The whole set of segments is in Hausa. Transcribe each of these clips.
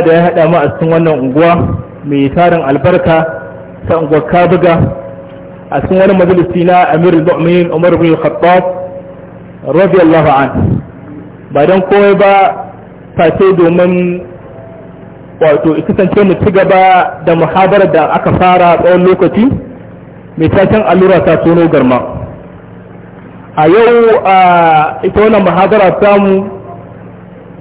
da ya haɗa mu a cikin wannan unguwa mai tarin albarka ta unguwar kabuga a cikin wani majalisi na amir al muminin umar bin khattab radiyallahu an ba don kowai ba face domin wato kasance mu ci gaba da muhabarar da aka fara tsawon lokaci mai taken allura ta tono garma a yau a ita wannan muhabara samu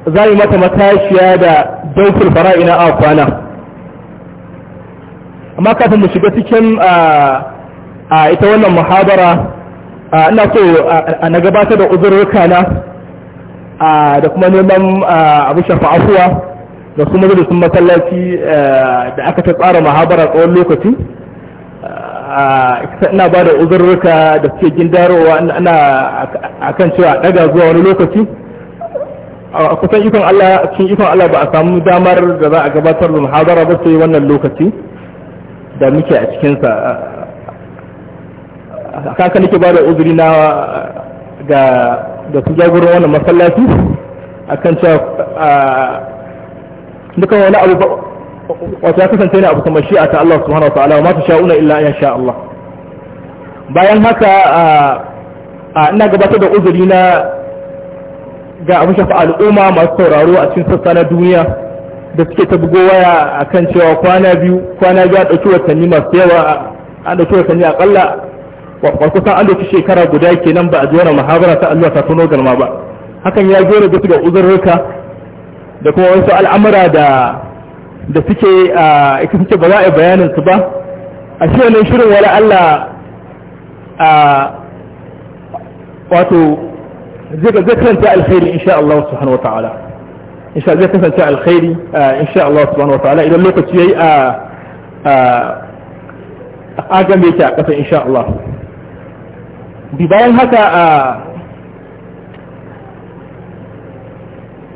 za yi mata matashiya da daukar fara'ina a kwana amma kafin mu shiga cikin a ita wannan muhabara ina so na gabatar da uzurruka na da kuma neman abu shafa afuwa da kuma sun masallaci da aka ta tsara muhabara tsawon lokaci ina ba da uzurruka da suke gindarowa ana akan cewa daga zuwa wani lokaci a kusan ikon Allah cikin ikon Allah ba a samu damar da za a gabatar da muhadara ba sai wannan lokaci da muke a cikinsa kaka nake ba da uzuri na ga da su jagoran wannan masallaci akan cewa dukan wani abu wato ya kasance ne abu kamar shi'a ta Allah subhanahu wa ta'ala ma ta sha'una illa ya sha Allah bayan haka ina gabatar da uzuri na ga abin shafa al'umma masu sauraro a cikin sassa na duniya da suke ta bugo waya a kan cewa kwana biyu kwana biyu a ɗauki watanni masu yawa an ɗauki watanni aƙalla kusan an ɗauki shekara guda kenan ba a ji wani muhabara ta allah ta tono galma ba hakan ya zo da ga uzurruka da kuma wasu al'amura da da suke a ita suke ba za a yi bayanin su ba a shi wannan shirin wala Allah a wato zai ga kasance alkhairi insha Allah subhanahu wataala insha zai kasance alkhairi eh, insha Allah subhanahu wataala idan lokaci yayi a eh, a eh, agame yake a ƙasa insha Allah bi bayan haka a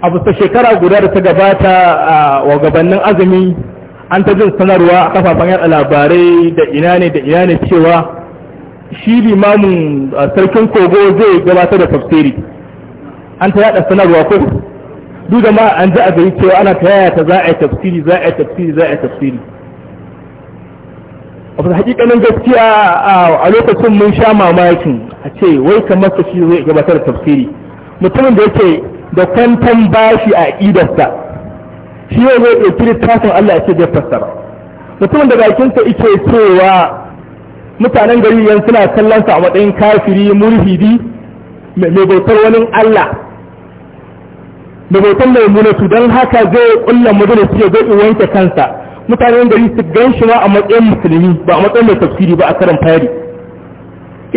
abu ta shekara guda da ta gabata wa gabanin azumi an ta jin sanarwa a kafafen yada labarai da ina ne da ina ne cewa shi limamin sarkin kogo zai gabatar da tafsiri an ta yada sanarwa ko duk da ma an ji a gari cewa ana ta yaya ta za a yi tafsiri za a yi tafsiri za a yi tafsiri a fasa hakikanin gaskiya a lokacin mun sha mamakin a ce wai kamar ka shi zai gabatar da tafsiri mutumin da yake da kwantan bashi a idarsa shi yau zai ɗauki littafin Allah ya ce zai fassara mutumin da bakinsa ike cewa mutanen gari yan suna kallon sa a matsayin kafiri murhidi, mai bautar wani Allah da hoton maimunatu don haka zai kulla majalisi ya zai wanke kansa da gari su gan shi ma a matsayin musulmi ba a matsayin mai tafsiri ba a karan fari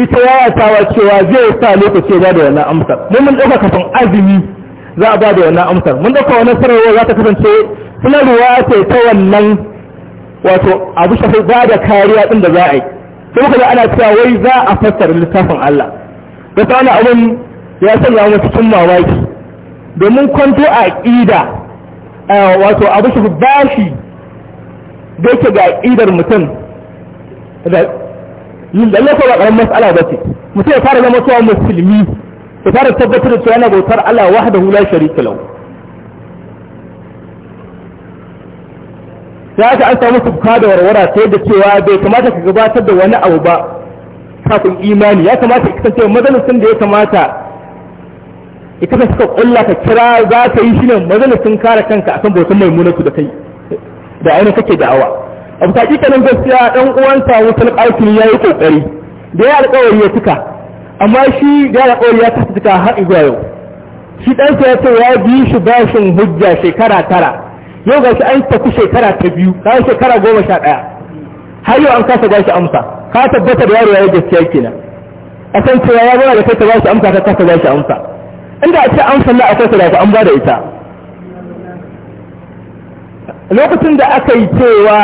ita ya tawa cewa zai sa lokaci ba da wannan amsa mun mun dauka kafin azumi za a ba da wannan amsa mun dauka wannan sarrafa za ta kasance sanarwa ce ta wannan wato abu shafi ba da kariya din da za a yi sai muka ana cewa wai za a fassara littafin Allah da ta abin ya sanya mu cikin mamaki domin kwanto a ƙida wato abu shi bashi da yake ga ƙidar mutum da lalle ko ba ƙarar ba ce mutum ya fara zama cewa musulmi ya fara tabbatar da cewa yana bautar Allah da hula sharika lau ya aka an samu da warwara ta yadda cewa bai kamata ka gabatar da wani abu ba kafin imani ya kamata ya kasance da ya kamata ita ka suka kulla ka kira za ka yi shi ne sun kare kanka akan bautan munatu da kai da aini kake da'awa abu ta nan gaskiya dan uwansa wutar ƙarfin ya yi ƙoƙari da ya alƙawari ya cika amma shi da ya alƙawari ya kasa cika har zuwa yau shi sa ya ce ya bi shi bashin hujja shekara tara yau ga shi an tafi shekara ta biyu yi shekara goma sha ɗaya har yau an kasa ba shi amsa ka tabbata da yaro ya yi gaskiya kenan a san cewa ya zama da kai ta ba shi amsa ka kasa ba shi amsa inda a ce an falla akwai kuɗa an ba da ita lokacin da aka yi cewa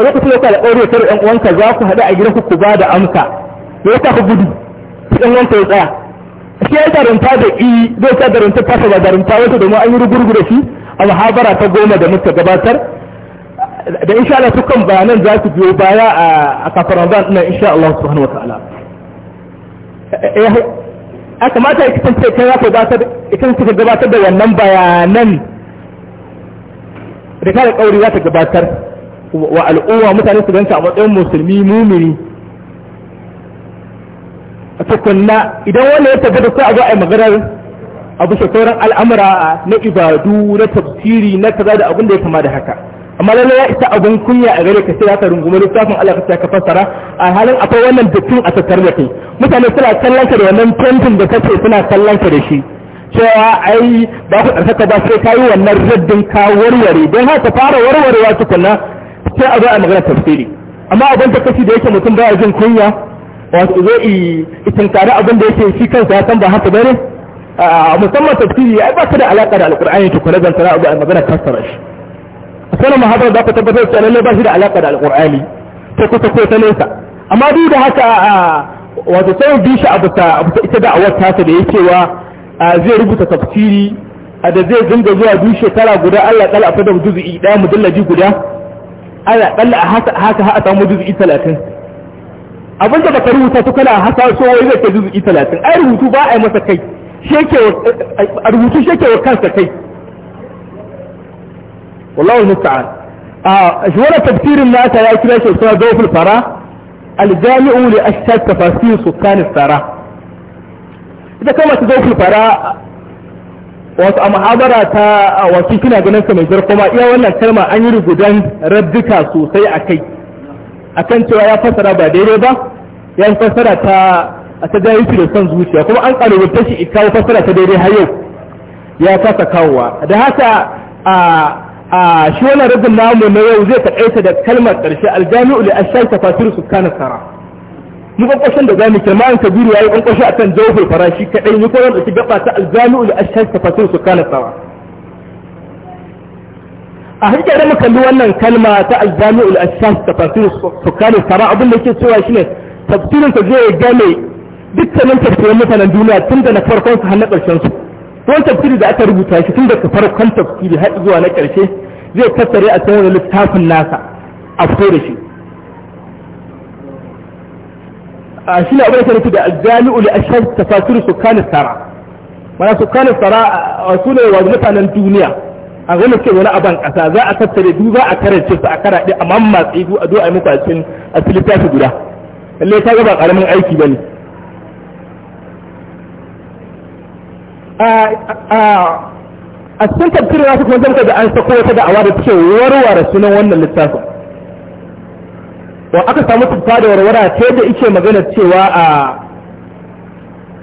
lokacin da aka da ɗaure ta ɗan uwanka za ku haɗu a gidan ku ba da amsa ya ta ku gudu ɗan uwanka ya tsaya shi ya zarunta da i zai sa zarunta fasa ba zarunta wata domin an yi rugurgu da shi a mahabara ta goma da muka gabatar da insha Allah dukkan bayanan za su biyo baya a kafin Ramadan ina insha Allah subhanahu wa ta'ala eh, eh, a kamata ya kasance ita ya gabatar ita gabatar da wannan bayanan da kare kauri za ta gabatar wa al'umma mutane su ganta a matsayin musulmi mumini a tukunna idan wani ya tabbata sai a zo a yi maganar abu sauran al'amura na ibadu na tafsiri na kaza da abin da ya kama da haka amma lallai ya isa abin kunya a gare ka sai ka rungumi littafin Allah ka ka fassara a halin akwai wannan dattin a tattar da kai mutane suna kallon ka da wannan tentin da kace suna kallon ka da shi cewa ai ba ku ɗarsaka ba sai ka yi wannan raddin ka warware don haka fara warwarewa tukuna sai a zo a magana tafsiri amma abin ta kashi da yake mutum ba ya jin kunya wato zo i tunkari abin da yake shi kansa ya san ba haka bane musamman tafsiri ai ba ka da alaƙa da alkur'ani tukunna zan tara abu a magana fassara shi sanin muhabar da aka tabbatar da lalle ba shi da alaƙa da alƙur'ani ta kusa ko ta nesa amma duk da haka wato sai bi shi abu ta ita da awar tasa da yake wa zai rubuta tafsiri da zai dinga zuwa duk shekara guda Allah kala a fadar juz'i ɗaya mujallaji guda Allah kala a haka haka a samu juz'i 30 abinda baka rubuta su kana hasa so wai zai kai juz'i 30 ai rubutu ba a yi masa kai sheke rubutu sheke wa kansa kai wallahu musta'an a shi wani tafsirin nasa ya kira shi suna dawful fara aljami'u li ashtar tafasir sukanin sara ita kama ta dawful fara wasu a muhabara ta wasu kina ganin sa mai zarko ma iya wannan kalma an yi rugudan raddika sosai a kai akan cewa ya fassara ba daidai ba ya yi fassara ta a ta da son zuciya kuma an kalubalta shi kawo fassara ta daidai har yau ya kasa kawowa da haka a a shi wannan rabin namu na yau zai taƙaita da kalmar ƙarshe aljami'u li ashar tafasir su kana sara mu kwakwashin da zamu kirma an kabiru yayi a akan jawful farashi kaɗai, ni kuma da shi gaba ta aljami'u li ashar tafasir su kana sara a hankali da muka wannan kalma ta aljami'u li ashar tafasir su kana sara abin da ke cewa shine tafsirin ta zai game dukkanin tafsirin mutanen duniya tun da na farkon su har na ƙarshen su ko tafsiri da aka rubuta shi tun daga farkon tafsiri har zuwa na ƙarshe zai tattare a tsawon littafin nasa a fito da shi a shi ne abin da ta da aljami'u a shan tafasiri su kanin tsara, mana su kanin tsara a su wa mutanen duniya a gani ke wani aban ƙasa za a tattare du za a karance su a karaɗe a mamma du a zo a yi muku a cikin a littafi guda lallai ta gaba ƙaramin aiki ba ne a cikin tafsirin nasu kuma zan da an sako wata da'awa da take warware sunan wannan littafin wa aka samu tuffa da warwara ta yadda ike magana cewa a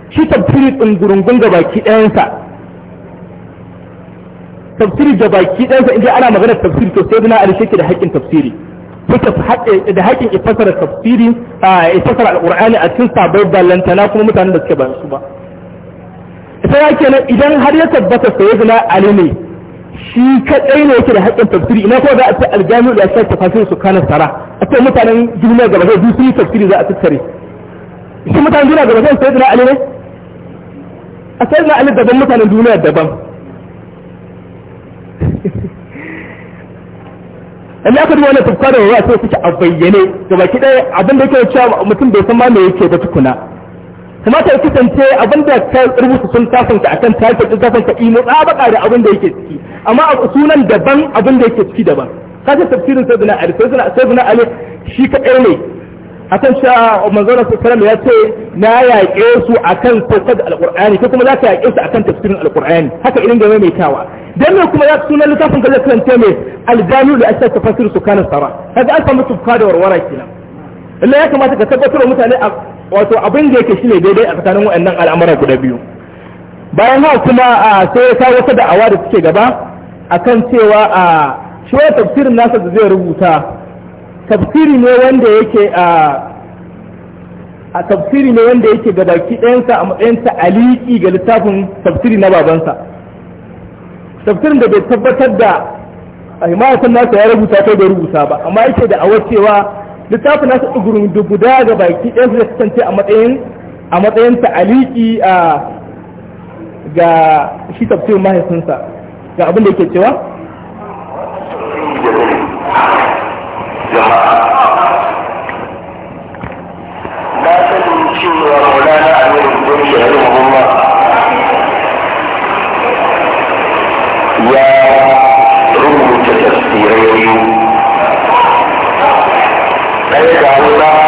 shi tafsiri ɗungurungun ga baki ɗayansa tafsiri da baki ɗayansa inda ana magana tafsiri to sai duna a da haƙƙin tafsiri suka da haƙƙin ifasar tafsiri a ifasar al'ur'ani a cikin sabon ballantana kuma mutanen da suke ba su ba sai kenan idan har ya tabbata sayyidina ali ne shi kaɗai ne yake da haƙƙin tafsiri ina ko za a ce aljami'u da shi tafsir su kana sara a ce mutanen duniya gaba zai duk sun yi tafsiri za a tattare shi mutanen duniya gaba zai sayyidina ali ne a sayyidina ali daban mutanen duniya daban Allah ka duba wannan tafsirin wa sai suke a bayyane gaba ki ɗaya abin da yake cewa mutum bai san ma me yake ba tukuna kamata ya kusance abin da ka rubuta sun a kan kasanta akan typhoid din kasanta imo tsabaka da abin da yake ciki amma a sunan daban abin da yake ciki daban kace tafsirin sayyidina ali sayyidina sayyidina ali shi kadai ne akan cewa manzon sallallahu ya ce na yaƙe su akan tafsirin alqur'ani ko kuma za ka yaƙe su akan tafsirin alqur'ani haka irin da maimaitawa dan me kuma ya sunan littafin ka zai kasance mai aljami'u li asar tafsir su kana sara kaga an samu tufka da warwara kenan Allah ya kamata ka tabbatar mutane a wato abin da yake shine daidai a tsakanin waɗannan al'amuran guda biyu bayan haka kuma sai ya kawo wata da'awa da suke gaba akan cewa a shi tafsirin nasa da zai rubuta tafsiri ne wanda yake a a tafsiri ne wanda yake ga baki ɗayansa a matsayin aliki ga littafin tafsiri na babansa tafsirin da bai tabbatar da a himayatan nasa ya rubuta kai bai rubuta ba amma yake da awar cewa littafin nasu tsugurin da ga baki ɗaya su da kasance a matsayin a matsayin ta aliki a ga shi tafsirin mahaifinsa ga abin da yake cewa Yeah. Obrigado. É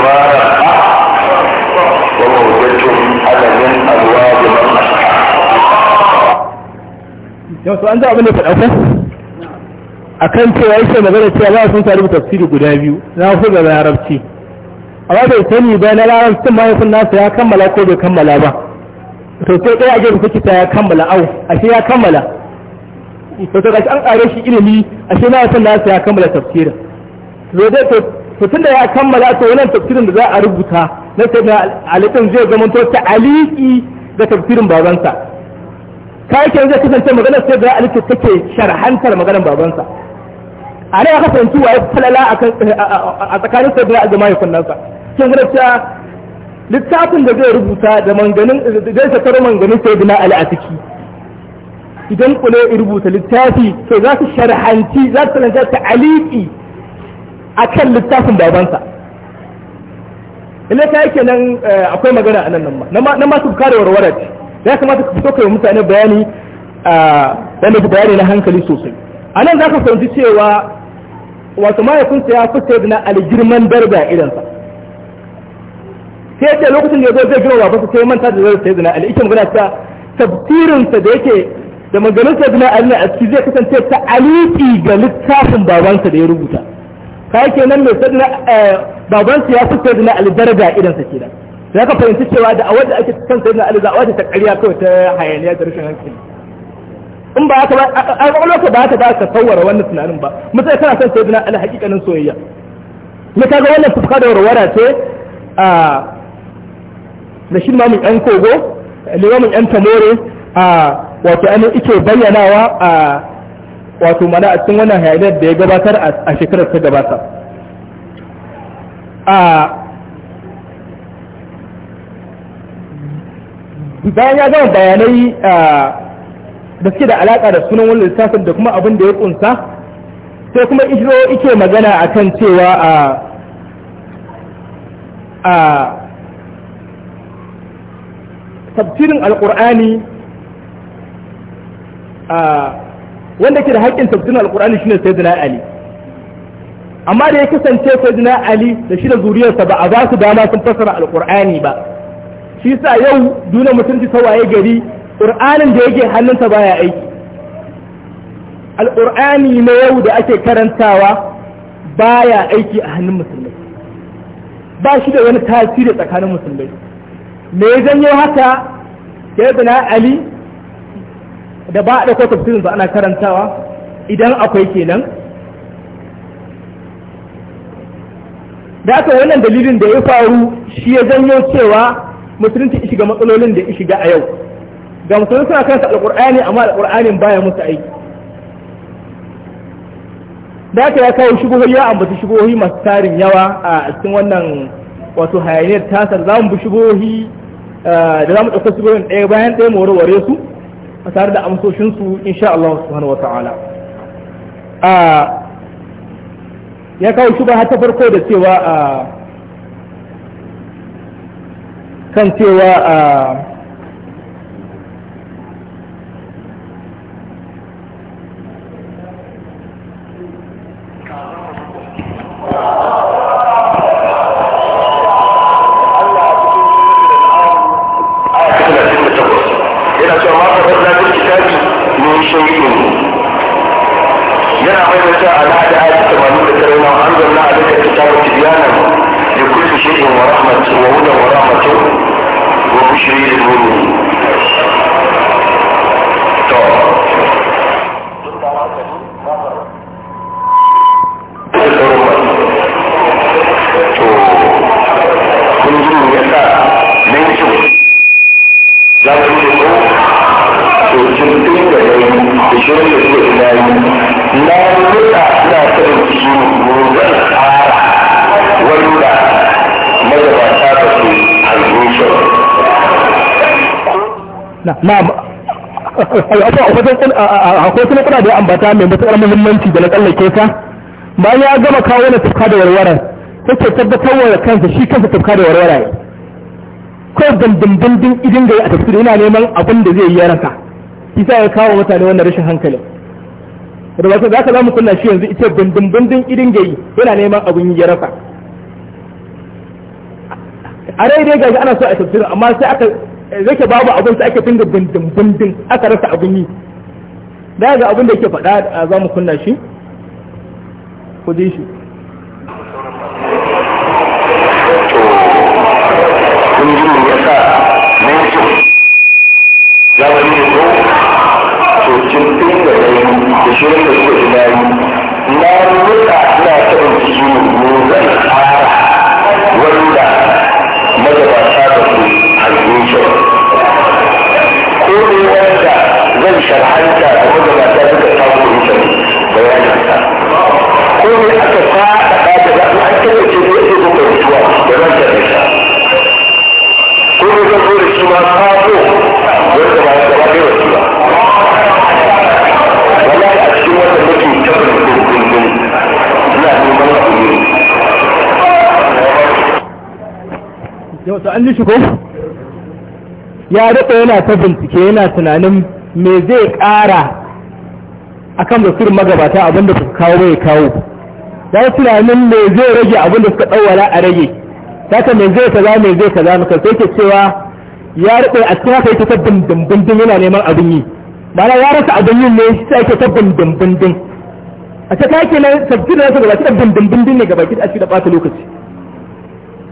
جوارا وموجتهم على من أبواب من yau to an za abin da faɗa kan akan cewa yake magana cewa za sun tare tafsiri guda biyu na su ga larabci amma bai sani ba na sun mahaifin nasa ya kammala ko bai kammala ba to sai ɗaya a gefe kuke ta ya kammala au ashe ya kammala to to gashi an ƙare shi ilimi ashe na san nasa ya kammala tafsirin to dai to to da ya kammala to wannan tafsirin da za a rubuta na sayyidina Ali din zai zama to ta'aliki da tafsirin babansa kayakin zai kasance magana sai da ta take sharhantar maganar babansa a ne aka fahimci waye falala a tsakanin sayyidina Ali da mahaifinsa kin ga cewa littafin da zai rubuta da manganin zai sakar manganin sai sayyidina Ali a ciki idan kule rubuta littafi to za su sharhanci za su ta ta'aliki a kan littafin babansa ina ta ke nan eh, akwai magana a nan nan ma nan masu su kare warware ya kamata ka fito kai mutane bayani ah, wanda ku bayani na hankali sosai a nan za ka fahimci cewa wato mahaifinsa ya fita na aljirman darda idansa sai ce lokacin da ya zo zai girma babansa sai manta da zai sai zina al'ikin guna ta tafsirinsa da yake da maganin sai zina a ciki zai kasance ta aliki ga littafin babansa da ya rubuta yake nan mai sadina eh, baban su ya fi sadina na daraja idan sa kenan ya ka fahimci cewa da a wadda ake kan sadina na za a wadda ta ƙarya kawai ta hayaniya da rashin hankali in ba ka ba a ka ba haka ba ka tsawara wannan tunanin ba mutum kana son sadina ali hakikanin soyayya ne kaga wannan fuska da warwara ce a da shi mamun yan kogo limamin yan tamore a wato an ike bayyanawa a wato mana a cikin wannan hayaniyar da ya gabatar a shekarar ta gabata a bayan ya gama bayanai da suke da alaƙa da sunan wani lissafin da kuma abin da ya kunsa sai kuma ishiro ike magana a kan cewa a tafsirin alƙur'ani a wanda ke da haƙƙin tafsirin alƙur'ani shine sayyidina ali amma da ya kasance sayyidina ali da shi da zuriyarsa ba a ba su dama sun fassara alƙur'ani ba shi sa yau duna mutunci ji waye gari ƙur'anin da yake hannunsa baya aiki alƙur'ani na yau da ake karantawa baya aiki a hannun musulmai ba shi da wani tasiri tsakanin musulmai me ya janyo haka sayyidina ali da ba a ɗauko tafsirin ba ana karantawa idan akwai kenan da aka wannan dalilin da ya faru shi ya zanyo cewa musulunci ya shiga matsalolin da ya shiga a yau ga musulunci suna kansa alƙur'ani amma alƙur'anin baya musu aiki da aka ya kawo shubuhohi ya ambaci shubuhohi masu tarin yawa a cikin wannan wato hayaniyar tasar za mu bi shubuhohi eh, da za mu ɗauka ɗaya bayan ɗaya mu warware su a tare da amsoshinsu insha Allah subhanahu wata'ala a ya kawo shi ta farko da cewa kan cewa a ambatan akwai suna kuna da ambata mai matukar muhimmanci da na tsallake ta bayan ya gama kawo na tafka da warware take tabbatar wa kansa shi kansa tafka da warware ko dandandan din idin gari a tafsiri yana neman abin da zai yi ya rasa isa ya kawo mutane wannan rashin hankali da wasu za ka zamu kunna shi yanzu ita dandandan idin ga yi yana neman abin yi ya rasa a daidai dai gaji ana so a tafsirin amma sai aka ke babu abin sai aka dinga bindin aka rasa abin yi daga abin da yake faɗa za mu kunna shi ku ji shi an ji ko ya daɗa yana ta bincike yana tunanin me zai ƙara a kan basirin magabata abinda suka kawo ya kawo ya tunanin me zai rage abinda suka ɗauwala a rage saka me zai kaza me zai kaza maka sai ke cewa ya daɗa a cikin haka yake ta bindin yana neman abin yi mana ya rasa abin yin ne sai ake ta bindin a ta kake nan sabbin da nasa gabaki da bindin ne gabaki da ake da ɓata lokaci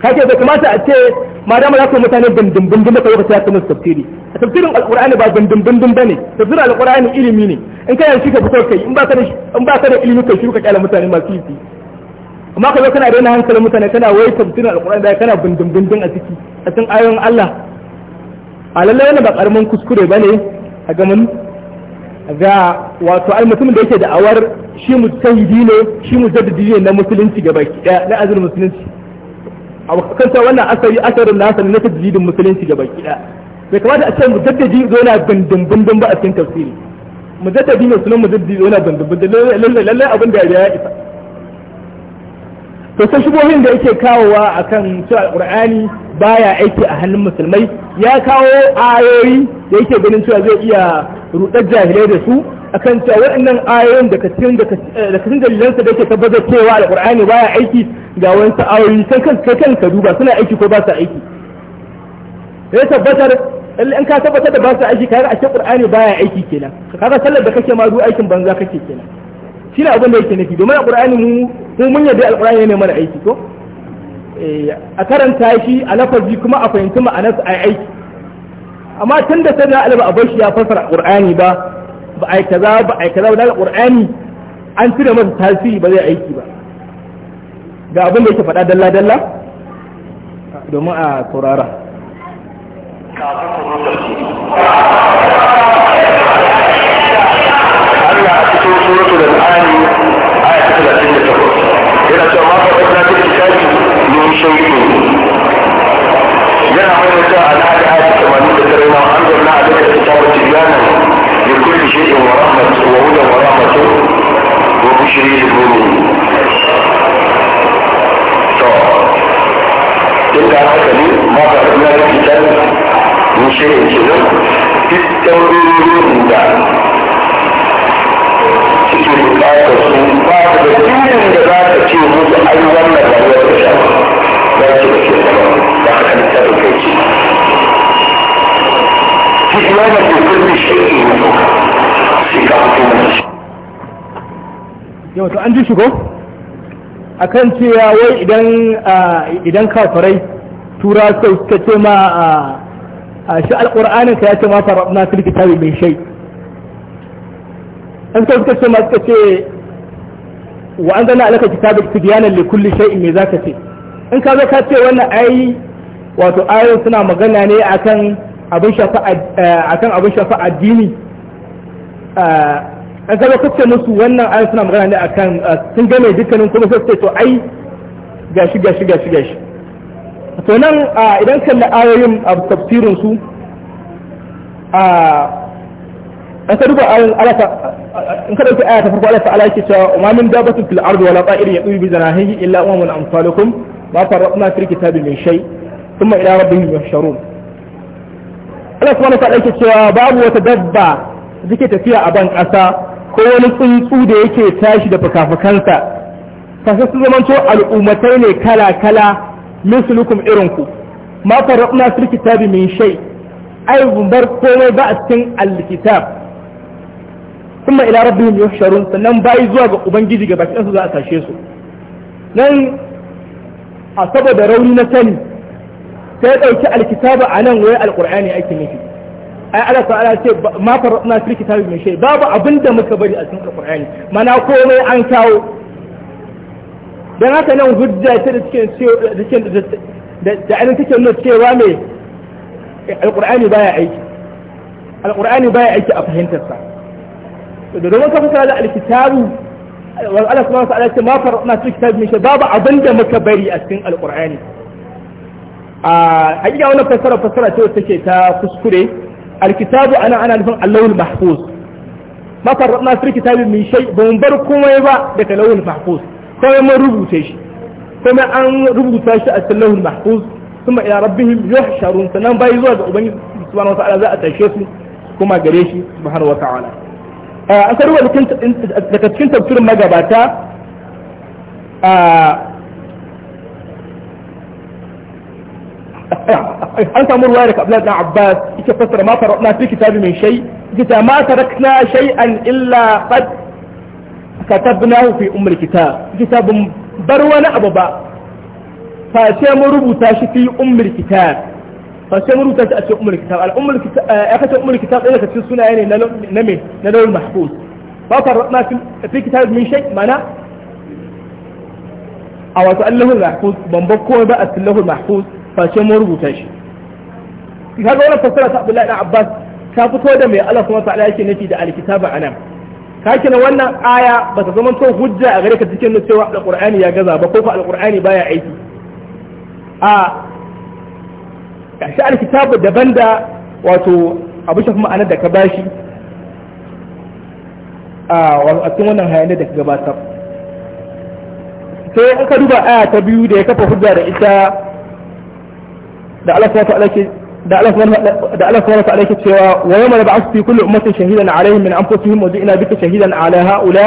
kake da kamata a ce ma dama za ku mutane bandin bandin da lokaci ya musu tafsiri a tafsirin alqur'ani ba bandin bandin bane tafsirin alqur'ani ilimi ne in kana shi ka fito kai in ba ka da in ba ka da ilimi kai shuka ka kyala mutane masu yi amma ka zo kana daina hankalin mutane kana wai tafsirin alqur'ani da kana bandin bandin a ciki a cikin ayoyin Allah a lalle wannan ba karamin kuskure bane a mun ga wato al mutum da yake da awar shi mujtahidi ne shi mujaddidi ne na musulunci gaba ki na azumin musulunci a kanta wannan asari asarin nasa ne na tajjidin musulunci gaba da bai kamata a ce mujaddadi zo na bindin bindin ba a cikin tafsiri mujaddadi ne sunan mujaddadi zo na bindin bindin lalle lalle abin da ya isa to sai shubohin da yake kawowa akan cewa alqur'ani baya aiki a hannun musulmai ya kawo ayoyi da yake ganin cewa zai iya rudar jahilai da su a kan cewa waɗannan ayoyin da kasin eh, dalilansa da ke tabbatar cewa alƙur'ani ya aiki ga wani sa'ayoyi sai kan ka duba suna aiki ko ba su aiki ya tabbatar in ka tabbatar da ba su aiki kaga ashe ba ya aiki kenan kaga sallar da kake ma duk aikin banza kake kenan shi ne abin da yake nufi domin alƙur'ani mu mu mun yarda alƙur'ani ne mana aiki ko eh, a karanta shi a lafazi kuma a fahimci ma'anar a aiki amma tun da sai da ba a bar shi ya fassara qur'ani ba ba ai kaza ba ai kaza ba da qur'ani an tura masa tasiri ba zai aiki ba ga abin da yake fada dalla dalla domin a saurara Allah a cikin suratul yana cewa ma الكريم انزل ما عليك الكتاب تبيانا لكل شيء ورحمة وهدى ورحمة وبشرى للمؤمنين طيب. انت عارفة لي ما بعدنا الكتاب من شيء كده التوبيرين ده Thank you. صيانة لكل شيء yau to an ji shigo akan cewa wai idan idan kafirai tura sai suka ce ma a shi alƙur'anin ka ya ce ma farabna fil kitabi min shay an sai suka ce ma suka ce wa an zana alaka kitabul tibyanan li kulli shay'in me ka ce in ka zo ka ce wannan ayi wato ayoyin suna magana ne akan abin shafa eh, akan abin shafa addini an zaba kuka musu wannan ayan suna magana ne akan eh, sun game dukkanin kuma sai to ai gashi gashi gashi gashi to nan eh, idan kalli ayoyin a tafsirin su a ka duba ayoyin alaka in ka ɗauki aya ta farko Allah ala yake cewa wa min dabatin fil ardi wala ta'irin yadhu bi zanahihi illa umamun amsalukum ma farraqna fil kitabi min shay thumma ila rabbihim yahsharun Allah kuma na faɗa ke cewa babu wata dabba da tafiya a ban ƙasa ko wani tsuntsu da yake tashi da fuka-fukansa. fasa sun zamanto al'ummatai ne kala kala min mislukum irinku ma ina su kitabi min shai, ai bar komai ba a cikin alkitab kuma ila rabbihim yuhsharun sannan bai zuwa ga ubangiji ga bakin su za a sashe su nan a saboda rauni na sani sai dauki alkitaba anan waye alqur'ani alƙur'ani ne shi ai ala ta ala ce ma farna fi kitabi mai shi babu abinda muka bari a cikin alqur'ani mana komai an kawo dan haka nan hujja ta da cikin cikin da da an take nuna cewa me alqur'ani baya aiki alqur'ani baya aiki a fahimtar sa da don ka fara da alkitabu Allah subhanahu wa ta'ala ce ma farna fi kitabi mai shi babu abinda muka bari a cikin alqur'ani a hakika wannan fassara fassara ce take ta kuskure alkitabu ana ana nufin allahul mahfuz ma farradna fi kitabi min shay ba mun bar komai ba daga lawul mahfuz komai mun rubuce shi kuma an rubuta shi a lawul mahfuz kuma ila rabbihim yuhsharun sanan bai zuwa ga ubangiji subhanahu wataala za a tashe su kuma gare shi subhanahu wataala a sarwa daga cikin tafsirin magabata a أنت أمر وارك أبنائنا عباس يتفسر ما تركنا في كتاب من شيء إذا ما تركنا شيئا إلا قد كتبناه في أم الكتاب كتاب بروان أبو باء فسيما ربطاش في أم الكتاب فسيما ربطاش في أم الكتاب آه، أخذ أم الكتاب إذا كتب سنة يعني نمي نلو المحفوظ ما تركنا في كتاب من شيء معنى أو أسأل له المحفوظ بمبقوا بأس له المحفوظ face mun rubuta shi kaga wannan fassara ta Abdullahi Abbas ta fito da mai Allah subhanahu ta'ala yake nufi da alkitaba anan ka kina wannan aya ba ta zama to hujja a gare ka cikin na cewa alqur'ani ya gaza ba ko ko alqur'ani baya aiki a shi alkitabu daban da wato abu shafi ma'anar da ka bashi a cikin wannan hayanai da ka gabatar sai aka duba aya ta biyu da ya kafa hujja da ita da Allah subhanahu ke da Allah subhanahu ta'ala ke cewa wa yawma nab'athu fi kulli ummatin shahidan 'alayhim min anfusihim wa ji'na bika shahidan 'ala ha'ula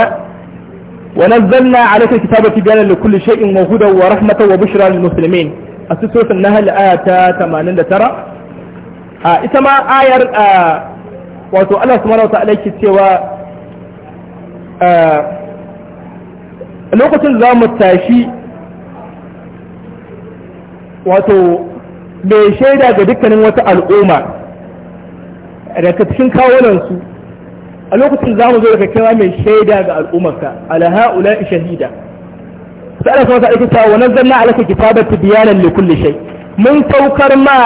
wa nazzalna 'alayka kitaba tibyana li kulli shay'in wa hudan wa rahmatan wa bushra lil muslimin a suratul nahl ayata 89 a ita ma ayar wato Allah subhanahu ta'ala ke cewa lokacin za mu tashi wato mai shaida ga dukkanin wata al'umma daga cikin kawunansu a lokacin za mu zo daga kira mai shaida ga al'ummarka alha'ula shahida sai Allah ta aiki ta wa nazzalna alaka kitabata bayanan li kulli shay mun saukar ma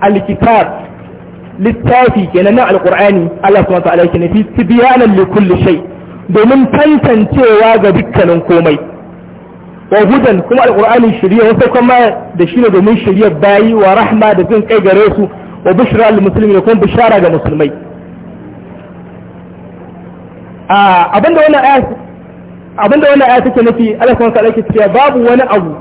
alkitab littafi kenan na alqur'ani Allah subhanahu wa ta'ala yake ne fi tibyanan li kulli shay domin tantancewa ga dukkanin komai wa kuma alqur'ani shari'a ya sauka ma da shi ne domin shari'a bayi wa rahma da jin kai gare su wa bushra lil muslimin da kuma bishara ga musulmai a abinda wannan aya abinda wannan aya take nufi Allah subhanahu wa ta'ala cewa babu wani abu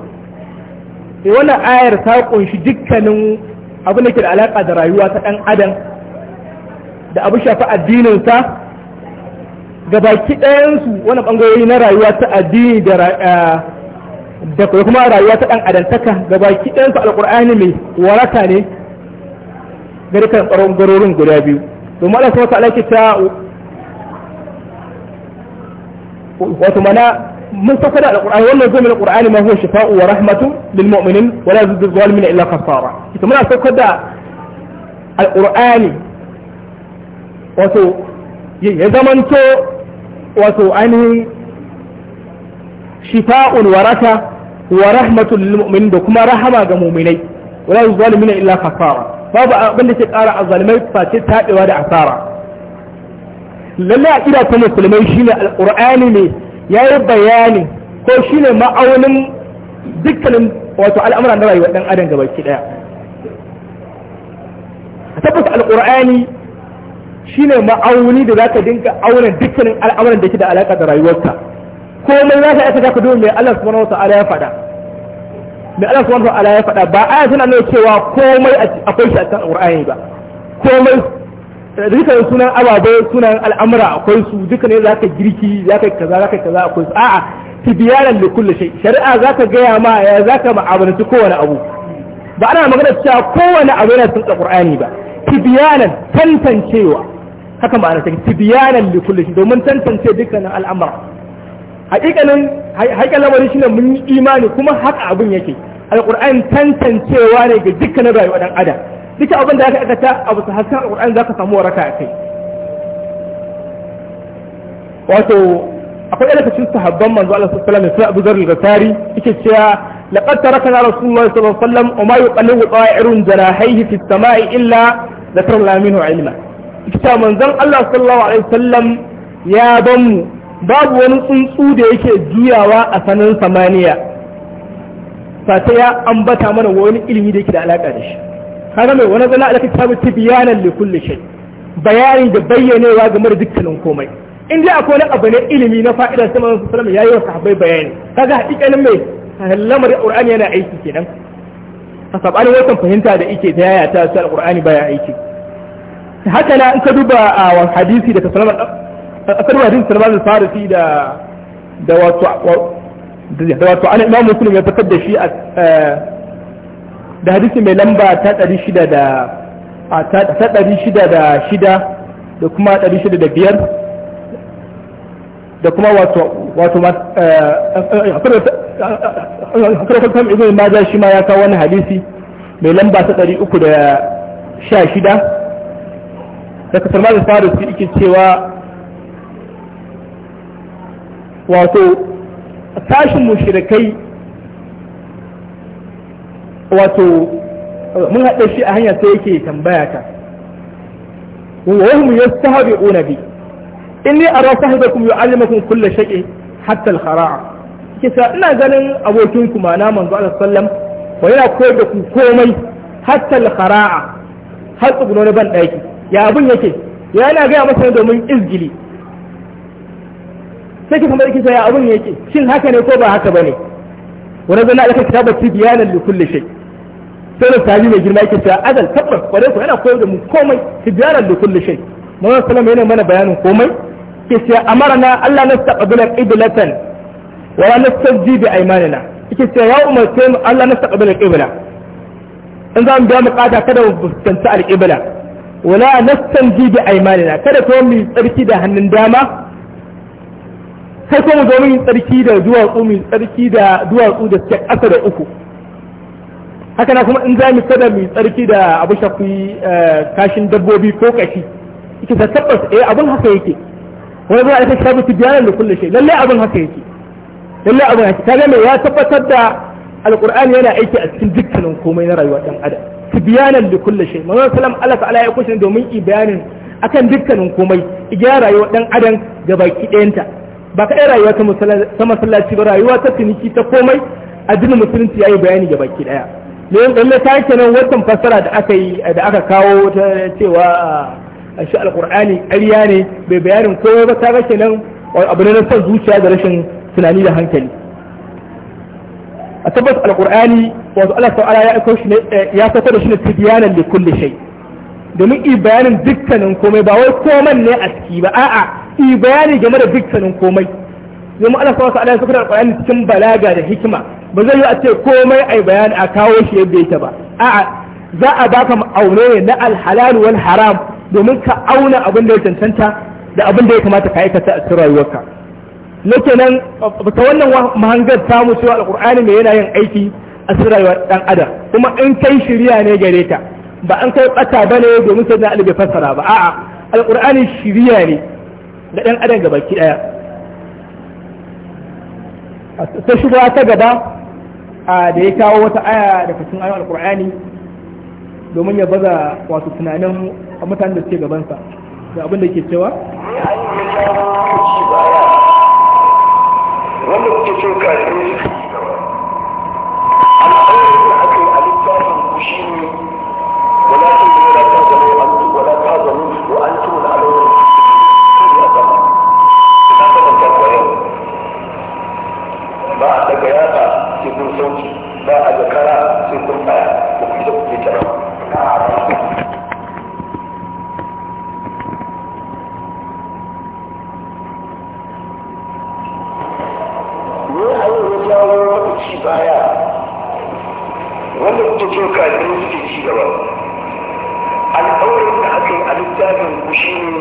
eh wannan ayar ta kunshi dukkanin abin da ke da alaka da rayuwa ta dan adam da abu shafi addinin sa gabaki ɗayansu wani bangarori na rayuwa ta addini da eh, da kuma rayuwa ta ɗan adantaka ga baki ɗansa alƙur'ani mai waraka ne ga dukkan tsaron guda biyu domin Allah sama ta'ala ta wato mana mun saka da alƙur'ani wannan zo min alƙur'ani ma huwa shifa'u wa rahmatu lil mu'minin wa la yuzidu zalimin illa khasara ita muna saka da alƙur'ani wato ya zamanto wato ainihin shifa'un waraka wa rahmatul lil da kuma rahama ga mu'minai wala yuzalimuna illa kafara babu abin da ke ƙara azalimai face tabewa da asara lalle a ƙira ta musulmai shine alqur'ani ne yayi bayani ko shine ma'aunin dukkanin wato al'amuran na rayuwar dan adam gabaki daya tabbata alqur'ani shine ma'auni da zaka dinka auna dukkanin al'amuran da ke da alaka da rayuwarka komai za ka aikata ka dubi mai Allah subhanahu wata'ala ya faɗa mai Allah subhanahu wata'ala ya faɗa ba aya tana nuna cewa komai akwai shi a cikin Qur'ani ba komai dukkan sunan ababai, sunan al'amura akwai su duka ne zaka girki zaka kaza zaka kaza akwai su a'a tibiyanan da kullu shay shari'a zaka gaya ma ya zaka ma'amalanci kowane abu ba ana magana cewa kowane abu yana cikin Qur'ani ba tibiyanan tantancewa haka ma'ana take tibiyanan da kullu shay domin tantance dukkanin al'amura hakikalin hakikalin lamarin ne mun yi imani kuma haka abin yake alqur'ani tantancewa ne ga dukkanin rayuwa dan adam duka abin da aka aikata abu ta hasken za ka samu waraka a kai wato akwai ɗaya cikin sahabban manzo Allah sallallahu alaihi wasallam Abu Dharr al-Ghifari yake cewa laqad tarakana Rasulullah sallallahu alaihi wasallam wa ma yuqallibu ta'irun jarahayhi fi as-sama'i illa dhakara minhu ilma yake cewa manzon Allah sallallahu alaihi wasallam ya ban mu babu wani tsuntsu da yake juyawa a sanin samaniya fata ya ambata mana wani ilimi da yake da alaka da shi haka mai wani zana alaka ta mutu biyanan li kulli shai bayani da bayyanewa game da dukkanin komai in dai akwai wani abu na ilimi na fa'ida sai manzon sallallahu alaihi wasallam sahabbai bayani kaga hakikanin mai lamar qur'ani yana aiki kenan a wata fahimta da yake ta yaya ta alqur'ani baya aiki haka na in ka duba a ah, hadisi da ta sallallahu akwai wajen farisi da da wato an imam ya fitar da shi a da hadisi mai lamba ta da ta da kuma 605 da kuma wato wato ma akwai wajen shi ma ya kawo wani hadisi mai lamba ta 316 daga salman al-farisi yake cewa wato tashin mushrikai wato mun haɗa shi a hanya sai yake tambaya ta wahum yastahabi'una bi inni ara sahibakum yu'allimukum kull shay'in hatta al-khara'a kisa ina ganin abokin ku ma na manzo Allah sallam wa yana koyar da ku komai hatta al-khara'a har tsuguno ne ban daki ya abun yake yana ga masa domin izgili sai ki tambaye ki ya abun yake shin haka ne ko ba haka bane wa nazalna alaka kitaba tibyanan li kulli shay sai da tabi mai girma yake cewa azal tabbas kware ku yana koyar da mu komai tibyanan li kulli shay Muhammad sallallahu alaihi mana bayanin komai ke cewa amarna Allah na taqabala qiblatan wa la nastajdi bi aymanina yake cewa ya umarce mu Allah na taqabala qibla in za mu biya bukata kada mu fuskanci alqibla wala nastanji bi aymanina kada ko mu tsarki da hannun dama sai kuma zo mun tsarki da duwatsu mun tsarki da duwatsu da suke ƙasa da uku haka na kuma in za mu sada mu tsarki da abu shafi eh, kashin dabbobi ko kashi yake da tabbas eh abun haka yake wani zai ta shafi su tibiyanan da kullu shi. Lallai abun haka yake Lallai abun haka ta me ya tabbatar da alqur'ani yana aiki a cikin dukkanin komai na rayuwa dan adam tibiyanan da kullu shay manzo sallam Allah ta'ala ya kushe domin i bayanin akan dukkanin komai i gyara rayuwar dan adam gabaki ɗayanta ba ka rayuwa ta masallaci ba rayuwa ta ciniki ta komai addinin musulunci ya yi bayani ga baki daya don dan ta kenan wannan fassara da aka yi da aka kawo ta cewa a shi alƙur'ani ƙarya ne bai bayanin ko ba ta ga kenan abu ne na son zuciya da rashin tunani da hankali a tabbas alƙur'ani wato Allah ta'ala ya aiko shi eh, ya saka da shi ne tibiyanan da kulle shai domin i bayanin dukkanin komai ba wai koman ne a ciki ba a'a yi bayani game da dukkanin komai domin Allah subhanahu wataala ya saka bayani cikin balaga da hikima ba zai yi a ce komai ayi bayani a kawo shi yadda yake ba a'a za a baka ma'aune ne na alhalal wal haram domin ka auna abin da ya cancanta da abin da ya kamata ka aikata a cikin rayuwarka nake nan ta wannan mahangar samu cewa alqur'ani mai yana yin aiki a cikin rayuwar dan adam kuma in kai shiriya ne gare ta ba an kai bata bane domin sai da alibi fassara ba a'a alqur'ani shiriya ne da ɗan adam ga baki ɗaya ta shigowa ta gaba da ya kawo wata aya da cikin ayoyin alkur'ani domin ya baza wasu tunanin mutanen da suke gabansa da abin da ke cewa wanda jawabin ku shi ne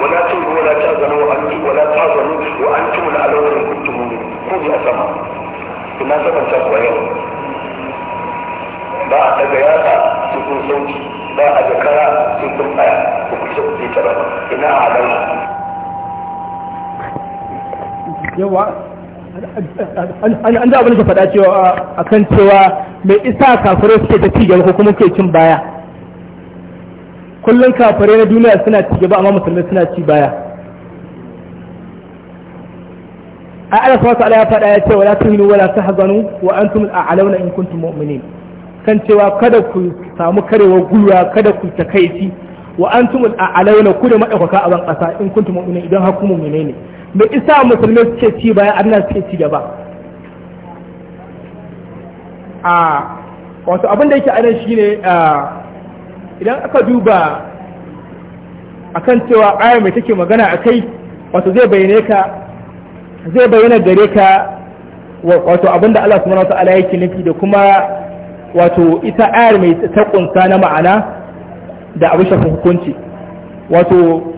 wala ta yi wala ta zama wa antu wala ta zama wa antu wala alawarin kuntu ne ko bi a sama ina saman ta kuwa yau ba a daga yasa su kun sauki ba a jakara sun kun tsaya ku kusa ku ta ba ina a alawa yawa an da abin da faɗa cewa akan cewa mai isa kafirai suke ta cigaba ko kuma ke cin baya kullum kafare na duniya suna ci gaba amma musulmai suna ci baya a ala sa ala ya faɗa ya ce wala tuhinu wala tahzanu wa antum al'alawna in kuntum mu'minin kan cewa kada ku samu karewa gwiwa kada ku takaici wa antum al'alawna ku da madaukaka a ban ƙasa in kuntum mu'minin idan haku mu'mine ne me isa musulmai suke ci baya Allah suke ci gaba a wato abin da yake anan shine a idan aka duba a kan cewa aya mai take magana a kai wato zai bayyana gare ka wato abinda Allah subhanahu wa ta'ala yake nufi da kuma wato ita ayar mai ta kunsa na ma'ana da abu shafin hukunci wato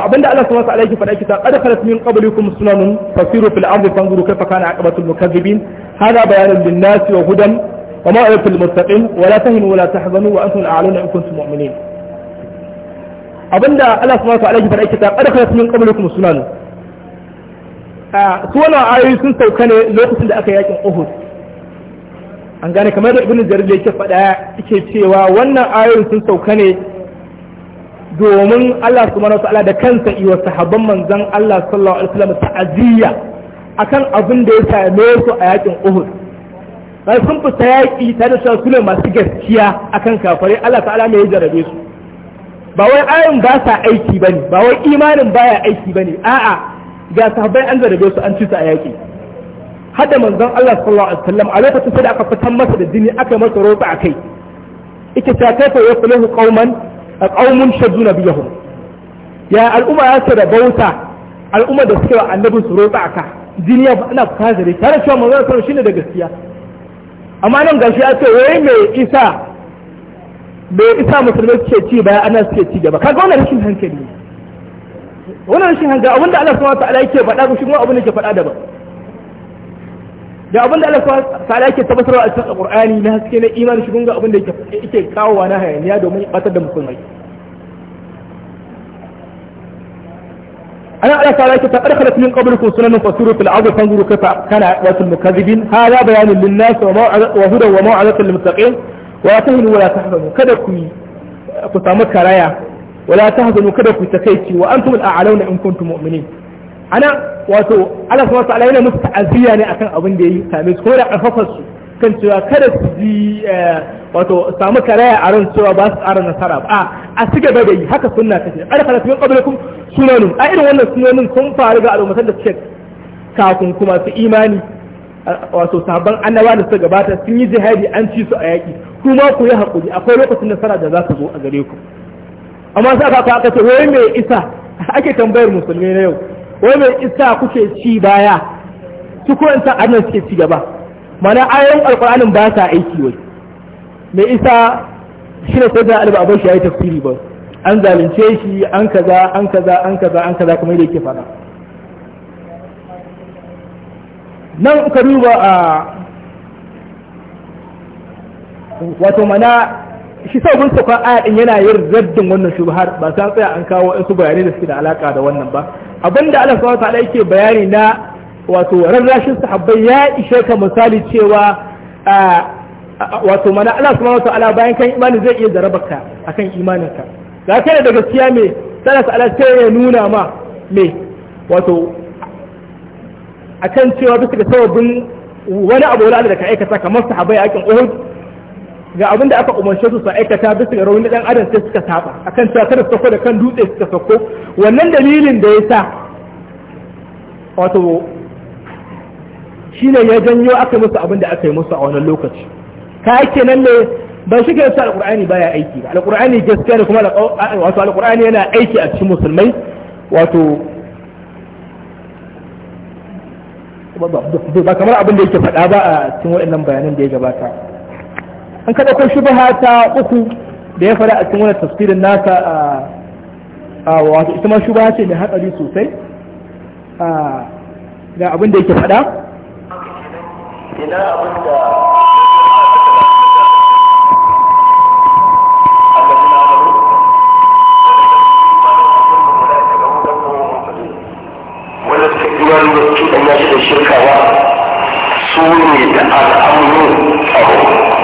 abin da Allah subhanahu wa ta'ala yake faɗa kita qad khalat min qablikum sunanun fasiru fil ardi fanzuru kayfa kana aqibatul mukazzibin hada bayanun lin nasi wa hudan wa ma'rifatul lil muttaqin wa la tahinu wa la tahzanu wa antum a'luna in kuntum mu'minin abinda Allah subhanahu wa ta'ala yake faɗa kita qad khalat min qablikum sunanun su wannan ayoyi sun sauka ne lokacin da aka yi yakin Uhud an gane kamar da ibnu jarir yake faɗa yake cewa wannan ayoyi sun sauka ne domin Allah subhanahu wa ta'ala da kansa wa sahabban manzon Allah sallallahu alaihi wasallam ta'aziyya akan abin da ya same su a yakin Uhud bai sun fita yaki tare da su ne masu gaskiya akan kafare Allah ta'ala ne ya jarabe su ba wai ayin ba sa aiki bane ba wai imanin baya aiki bane a'a ga sahabbai an jarabe su an ci su a yaki hada manzon Allah sallallahu alaihi wasallam a lokacin sai da aka fitar masa da jini aka masa roƙa akai ita ta kai fa yaflahu qauman qaumun shadduna biyahum ya al'umma ya da bauta al'umma da suke wa annabi su roƙa aka duniya ba ina kafire tare cewa manzon sallallahu shine da gaskiya amma nan gashi ya ce wai mai isa mai isa musulmai suke ci baya ana suke ci gaba kaga wannan rashin hankali wannan rashin hankali abinda Allah subhanahu wa ta'ala yake faɗa ba shi kuma abin da yake faɗa daban da abin da alaƙa sa'ala yake tabbatarwa a cikin alƙur'ani na haske na imani shi gunga abin da yake kawo wa na hayaniya domin ɓatar da musulmai ana ala sa'ala yake taɓar kala da ƙabar ku sunanin fasuru fil azu kan guru kafa kana wasu mukazibin ha za bayanin linnas wa hudan wa ma'a zafin limtaƙin wa ta hinu wa ta hazanu kada ku ku samu karaya wa ta hazanu kada ku ta kai ci wa an tumul a'alau na in kuntu mu'minin ana wato Allah subhanahu wataala yana musu ta'aziyya ne akan abin da yayi same su ko da karfafar su kan cewa kada su ji eh, wato samu karaya a ran cewa ba su tsara nasara ba a su gaba da yi haka sunna take arfala fi qablikum sunanun a irin wannan sunanin sun faru ga al'ummatan da suke kafin kuma su imani wato sabon annaba da suka gabata sun yi jihadi an ci su a yaƙi kuma ku yi haƙuri akwai lokacin nasara da za ta zo a gare ku amma sai aka aka ce wai me isa ake tambayar musulmi na yau wai mai isa kuke ci baya su ko insa annan suke ci gaba mana ayoyin alqur'anin ba sa aiki wai mai isa shi ne sai da alba abin shi yi tafsiri ba an zalunce shi an kaza an kaza an kaza an kaza kuma yake fara. nan ka duba a wato mana shi sau sakon aya din yana yin raddin wannan shubhar ba san tsaya an kawo wasu bayanai da suke da alaka da wannan ba abinda Allah subhanahu ta'ala yake bayani na wato rarrashin sahabbai ya ishe ka misali cewa wato mana Allah subhanahu ta'ala bayan kan imani zai iya zarabarka akan imaninka ga kai da gaskiya me sai Allah sai ya nuna ma me wato akan cewa bisa ga sababin wani abu da ka aikata kamar sahabbai a yakin Uhud ga abin da aka umarce su su aikata bisa ga rauni dan adam sai suka saba akan cewa kada su sako da kan dutse suka sako wannan dalilin da ya sa wato shine ya janyo aka musu abin da aka yi musu a wannan lokaci ka ake nan ne ban shi ga alqur'ani baya aiki ba alqur'ani gaskiya ne kuma wato alqur'ani yana aiki a cikin musulmai wato ba kamar abin da yake faɗa ba a cikin waɗannan bayanan da ya gabata an kaɗa ɗauko shubha ta uku da ya fara a cikin wani tafsirin nasa a wato ita ma shubha ce mai hatsari sosai ga abin da yake faɗa ina abin da su ne da al'amuran tsaro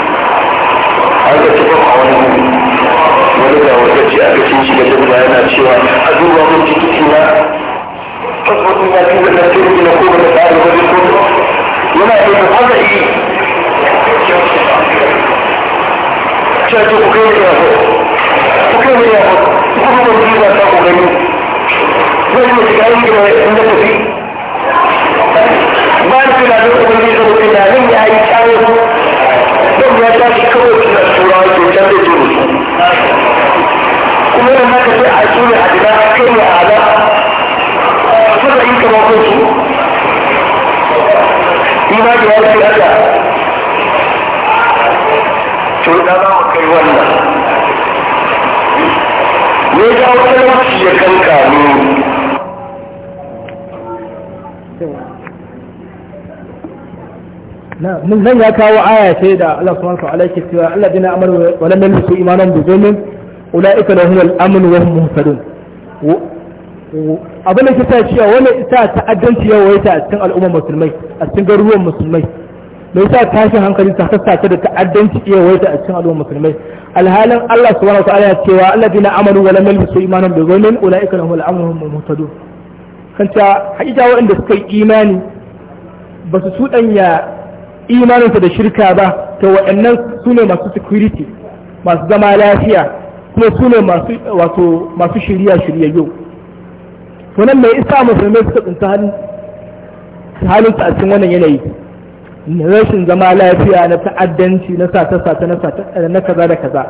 an ga a wani wani ga wata ce aka shi yana cewa a duba mun tikiti na tabbatin na fi da tarihi na ko ba da tsari ba kotu yana da ta fada yi cewa ku kai ne ya ku kai ne ya ku kuma ji ba ta ku gani zai yi mutu kayan gina inda tafi ba ni ubangiji da tunanin ya yi can zai turu su kuma yana ka sai a turu a gida kai ne ala suka yi kamar kansu imani ya ce haka to da za mu kai wannan ne ga wata ya kanka ne nan ya kawo aya sai da Allah subhanahu wa ta'ala cewa Allah dina amara wa lam yalbisu imanan bi zulmin ulaika lahum al-amn wa hum muhtadun abin da kita cewa wannan isa ta'addanci a cikin al'ummar musulmai a cikin garuruwan musulmai da yasa hankali ta sassa da ta'addanci ya waita a cikin al'ummar musulmai alhalin Allah subhanahu wa ta'ala ya cewa Allah dina amara wa lam yalbisu imanan bi zulmin ulaika lahum al-amn wa hum muhtadun kanta hakika waɗanda suka yi imani ba su suɗanya imaninsa da shirka ba to waɗannan su ne masu security masu zama lafiya kuma su ne masu shirya shirya yau to nan mai isa musulmi suka tsinta halin a cikin wannan yanayi rashin zama lafiya na ta'addanci na sata-sata na sata na kaza da kaza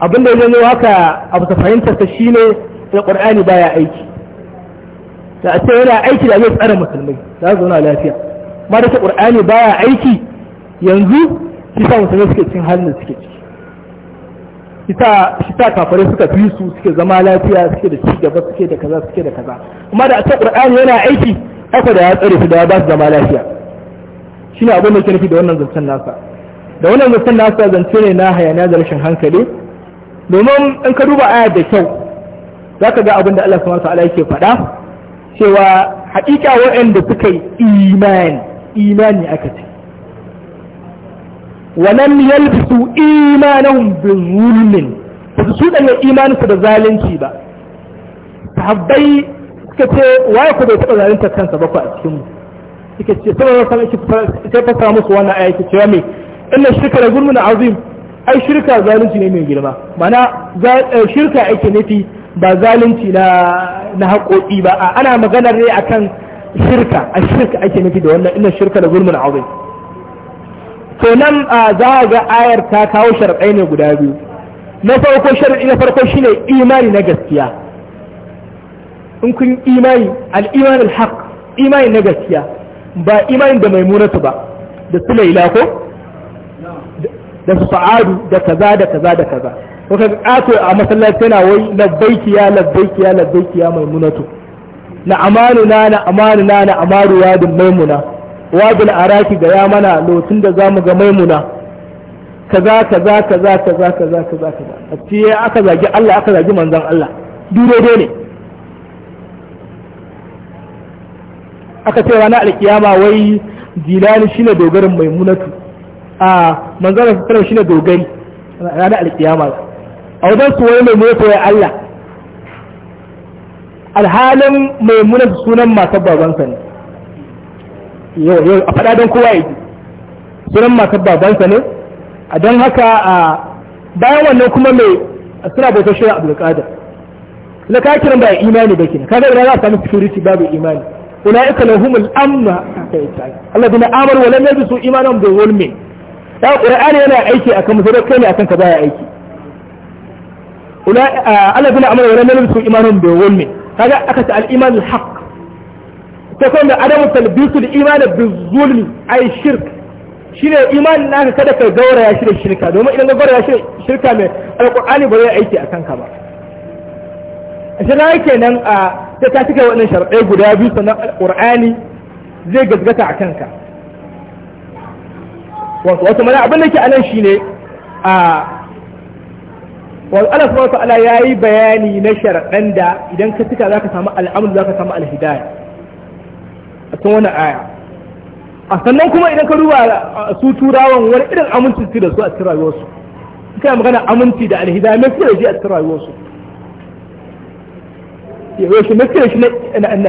abin da ya zama haka abu ta fahimtar ta ne da qur'ani baya aiki da a ce yana aiki da zai tsara musulmai za su zauna lafiya marasa ƙur'ani baya aiki yanzu shi sa musulmi suke cin halin da suke ciki shi ta kafare suka fi su suke zama lafiya suke da gaba suke da kaza suke da kaza amma da a ƙur'ani yana aiki aka da ya tsare su da ya ba su zama lafiya shi ne abin da ke nufi da wannan zancen nasa da wannan zancen nasa zance ne na hayaniya da rashin hankali domin in ka duba aya da kyau za ka ga abin da Allah subhanahu wa ta'ala yake faɗa cewa haƙiƙa wa'anda suka yi imani imani aka ce walam yalbisu imanahum bi zulmin ba su sudanya imaninsu da zalunci ba sahabbai suka ce waye ku bai taɓa zalunta kansa ba ku a cikin mu suka ce sai wani sanar sai fasara musu wannan aya ke cewa me inna shirka da gulmun azim ai shirka zalunci ne mai girma mana eh, shirka ake nufi ba zalunci na na haƙoƙi ba ana maganar ne akan shirka a shirka ake nufi da wannan ina shirka da zulmun azim to nan za a ga ayar ta kawo sharɗai ne guda biyu na farko sharadi na farko shine imani na gaskiya in kun imani al-iman al-haq imani na gaskiya ba imani da maimunatu ba da su laila ko da su fa'adu da kaza da kaza da kaza ko kaga a masallaci yana wai Labbaikiya Labbaikiya Labbaikiya ya maimunatu na amanu na na amanu na na amaru wadin maimuna wadin araki ga ya mana lotun da zamu ga maimuna kaza kaza kaza kaza kaza kaza kaza a ce aka zagi Allah aka zagi manzon Allah duk daidai ne aka ce ranar alkiyama wai jilani shine dogarin maimunatu a manzon Allah shine dogari ranar alkiyama a wajen su wai maimunatu ya Allah alhalin maimuna sunan matar babansa ne yau yau a faɗa don kowa ya sunan matar babansa ne a don haka a bayan wannan kuma mai suna bauta shi kada. na ka kiran ba imani ba kenan kaga ina za a samu security babu imani na lahumul amna ta ita Allah bin amar wa lam yalbisu imanan bi zulmi ya qur'ani yana aiki akan musulmai kai ne akan ka baya aiki Allah bin amar wa lam yalbisu imanan bi zulmi kaga aka ta al-iman al-haq ta kan da adamu talbisu da imanin bizulmi ai shirk shine imanin naka kada ka gauraya shi da shirka domin idan ka gauraya shi da shirka mai alqur'ani ba zai aiki akan ka ba ashe na yake nan a ta ta cika wannan sharadai guda biyu sannan alqur'ani zai gazgata akan ka wato wato mana abin da ke anan shine a wani Allah subhanahu ta'ala ya yi bayani na sharaɗan da idan ka cika za ka samu al'amur za ka samu alhidaya a cikin wani aya a sannan kuma idan ka duba su turawan wani irin aminci su da su a cikin rayuwarsu kai magana aminci da alhidaya mai fiye da shi a cikin rayuwarsu yaushe mai fiye shi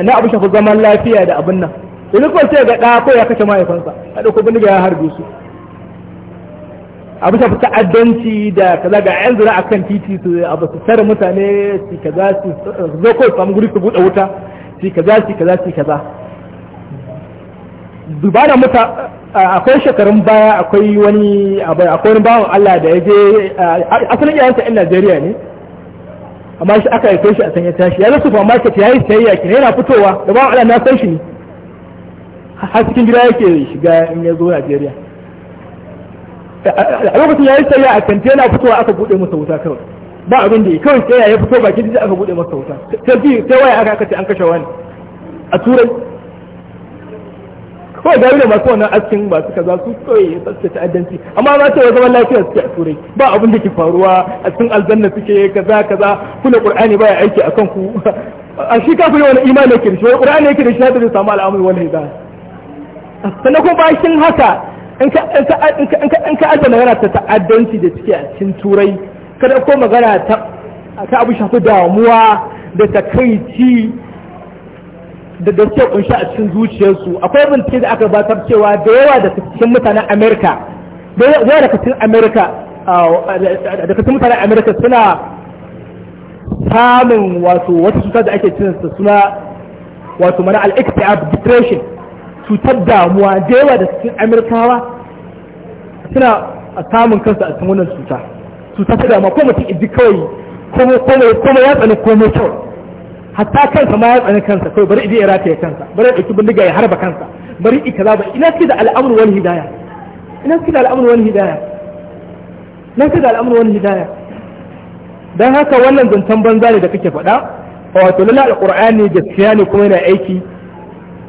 na abu shafi zaman lafiya da abin nan yanzu kuma sai ga ɗa ko ya kashe mahaifansa a ɗauko bindiga ya harbe su a bisa fi ta'addanci da kaza ga yan a kan titi su abu su tare mutane su kaza su zo ko samu guri su buɗe wuta su kaza su kaza su kaza duba da muta akwai shekarun baya akwai wani akwai wani bawan Allah da ya je asalin yayansa yan Najeriya ne amma shi aka yi shi a sanya tashi ya zo supermarket ya yi sayayya kina yana fitowa da bawan Allah na san shi ne har cikin gida yake shiga in ya zo Najeriya a lokacin ya yi ya a kanti yana fitowa aka bude masa wuta kawai ba abin da kawai sai ya fito baki da aka bude masa wuta sai bi sai waya aka aka ce an kashe wani a turai kawai da da masu wannan askin masu kaza su kawai sassa ta'addanci amma ma cewa zaman lafiya suke a turai ba abin da ke faruwa a cikin aljanna suke kaza kaza kuna qur'ani baya aiki akan ku a shi kafin wani imani yake da shi wani qur'ani yake da shi da zai samu al'amuri wani hidaya sannan kuma bashin haka in ka adana magana ta ta'addanci da suke a cikin turai kada ko magana ta abu shafi damuwa da takaici da da suke kunshi a cikin zuciyarsu akwai bincike da aka batar cewa da yawa da cikin mutanen amerika da yawa da cikin amerika uh, da cikin mutanen amerika suna samun wato wata cuta da ake cin suna wato mana al-ikhtiab depression cutar damuwa da yawa da cikin amurkawa suna a samun kansu a cikin wannan cuta cuta ta damuwa ko mutum iji kawai komai ya tsani komai kyau hatta kansa ma ya tsani kansa kawai bari iji ya rataye kansa bari ya ɗauki bindiga ya harba kansa bari ika za ba ina ce da al'amur wani hidaya ina ce da al'amur wani hidaya ina ce da al'amur wani hidaya don haka wannan zancen banza ne da kake faɗa wato lalla alƙur'ani gaskiya ne kuma yana aiki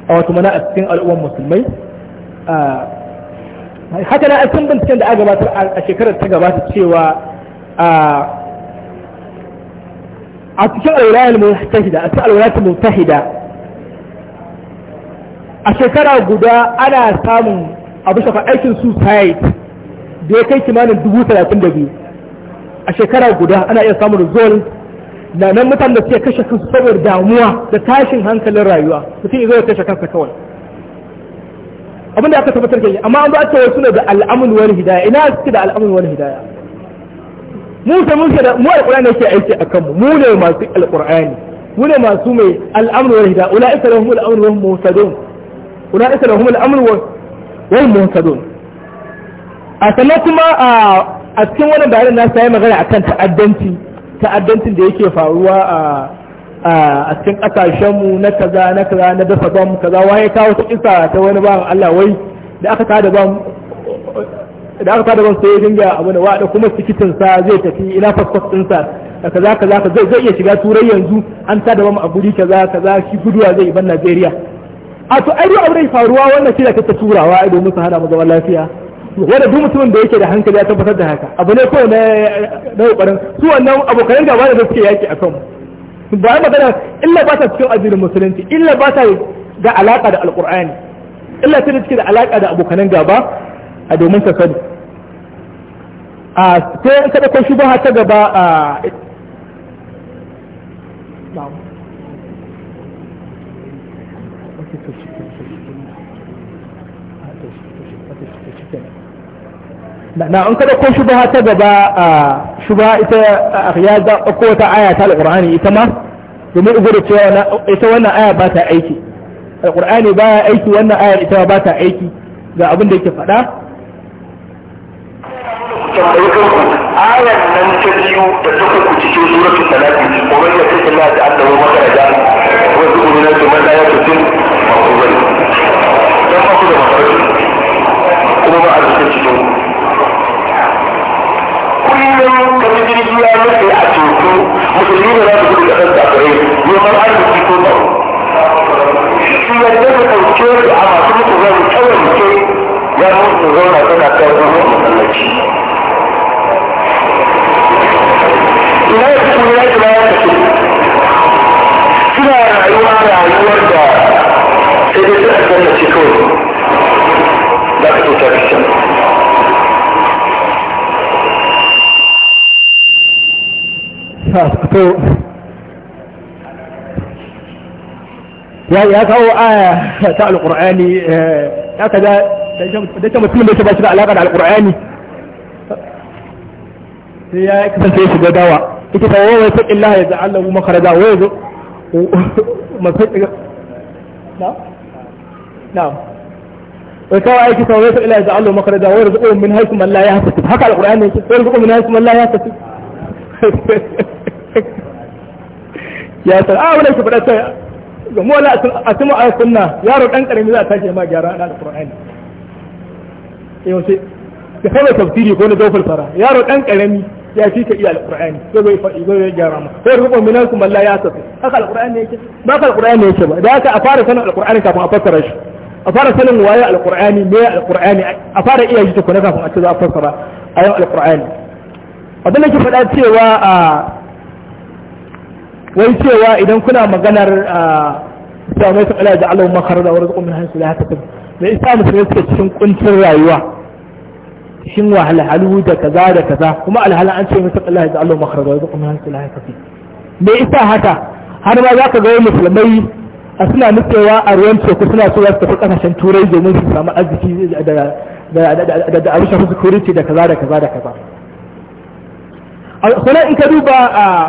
a wasu mana a cikin al'ummar musulmai haka na asin binciken da aka gabatar a shekarar ta gabata cewa a cikin alwulayar mutahida a cikin alwulayar mutahida a shekara guda ana samun abu shafa aikin suicide da ya kai kimanin dubu talatin da biyu a shekara guda ana iya samun result da nan mutane da suke kashe kansu saboda damuwa da tashin hankalin rayuwa mutum zai kashe kansa kawai abin da aka tabbatar ke amma an zo ake wasu ne da al'amun wani hidaya ina suke da al'amun wani hidaya mu sai mun da mu alqur'ani yake aiki akan mu mu ne masu alqur'ani mu ne masu mai al'amun wani hidaya ulaika lahum al'amun wa hum muhtadun ulaika lahum al'amun wa hum muhtadun a sannan kuma a cikin wannan bayanin na sai magana akan ta'addanci ta'addancin da yake faruwa a a cikin kasashenmu na kaza na kaza na dafa bam kaza waye kawo ta kisa ta wani bawan Allah wai da aka tada bam da aka tada bam sai ya dinga abu da wada kuma tikitin sa zai tafi ina passport din sa kaza kaza kaza zai iya shiga turai yanzu an tada bam a guri kaza kaza shi guduwa zai ban Najeriya a to ai abin da faruwa wannan shi da kake turawa domin su hana mu zaman lafiya wanda duk mutumin da yake da hankali ya tabbatar da haka abu ne kawai na na su wannan abokan gaba da suke yaki akan kan ba a magana illa ba ta cikin addinin musulunci illa ba ta da alaka da alƙur'ani illa ta cikin da alaka da abokan gaba a domin ta sani a sai kada ko shubaha ta gaba a na an kada ko shubha ta gaba a shubha ita ya ga ko ta aya ta alqur'ani ita ma domin ubura cewa ita wannan aya ba ta aiki alqur'ani ba ya aiki wannan aya ita ba ta aiki ga abin da yake faɗa ayan nan ta biyu da ta uku cikin suratul talaq wa man yattaqillaha ta'ala wa makhraja wa yuzkuruna man la yatqin wa huwa dan ku da mafarki kuma ba a cikin cikin dace a teku musulmi ne za su gudu kasar kafirai neman arziki ko ba shi yadda su ɗauke su a masu mutu zan tsawance ya mutu zauna suna kai zuwa masallaci ina ya kuma ya fi ya tafi to ya kawo aya ta alƙur'ani ya ka da ta mutum da ta ba shi da alaƙa da alƙur'ani sai ya kasance ya shiga dawa ita ta wawai ta ƙilla ya za Allah kuma karaja wai zo masu na na wai kawai aiki ta wawai ta ƙilla ya za Allah kuma karaja wai rizuƙo min haisu man la ya hasasi haka alƙur'ani yake wai rizuƙo min haisu man la ya hasasi ya san a ah, wani ki faɗa ta ga mu a tuma a sunna yaro dan karami za a tashi ma gyara ana alqur'ani yau sai ka kai tafsiri ko na dofal fara yaro dan karami ya fi ka iya alqur'ani ko bai fa ko ya gyara ko sai minan minankum Allah ya tafi haka alqur'ani yake ba ka alqur'ani yake ba da haka a fara sanin Alƙur'ani kafin a fassara shi a fara sanin waye Alƙur'ani me Alƙur'ani a fara iya yi ta kuna kafin a ce za a fassara ayan alqur'ani abin da ke faɗa cewa a ah, wai cewa idan kuna maganar ah, cewa mai tsakala da Allah makar da wurin kumin hansu da haka da isa musulmi suke cikin kuncin rayuwa cikin wahalhalu da kaza da kaza kuma alhalin an ce mai tsakala da alawun makar da wurin kumin hansu da haka me isa haka har ma za ka ga musulmai a suna nufewa a ruwan teku suna so za su tafi kasashen turai domin su samu arziki da a rushe security da kaza da kaza da kaza. Kuna in ka duba a ah,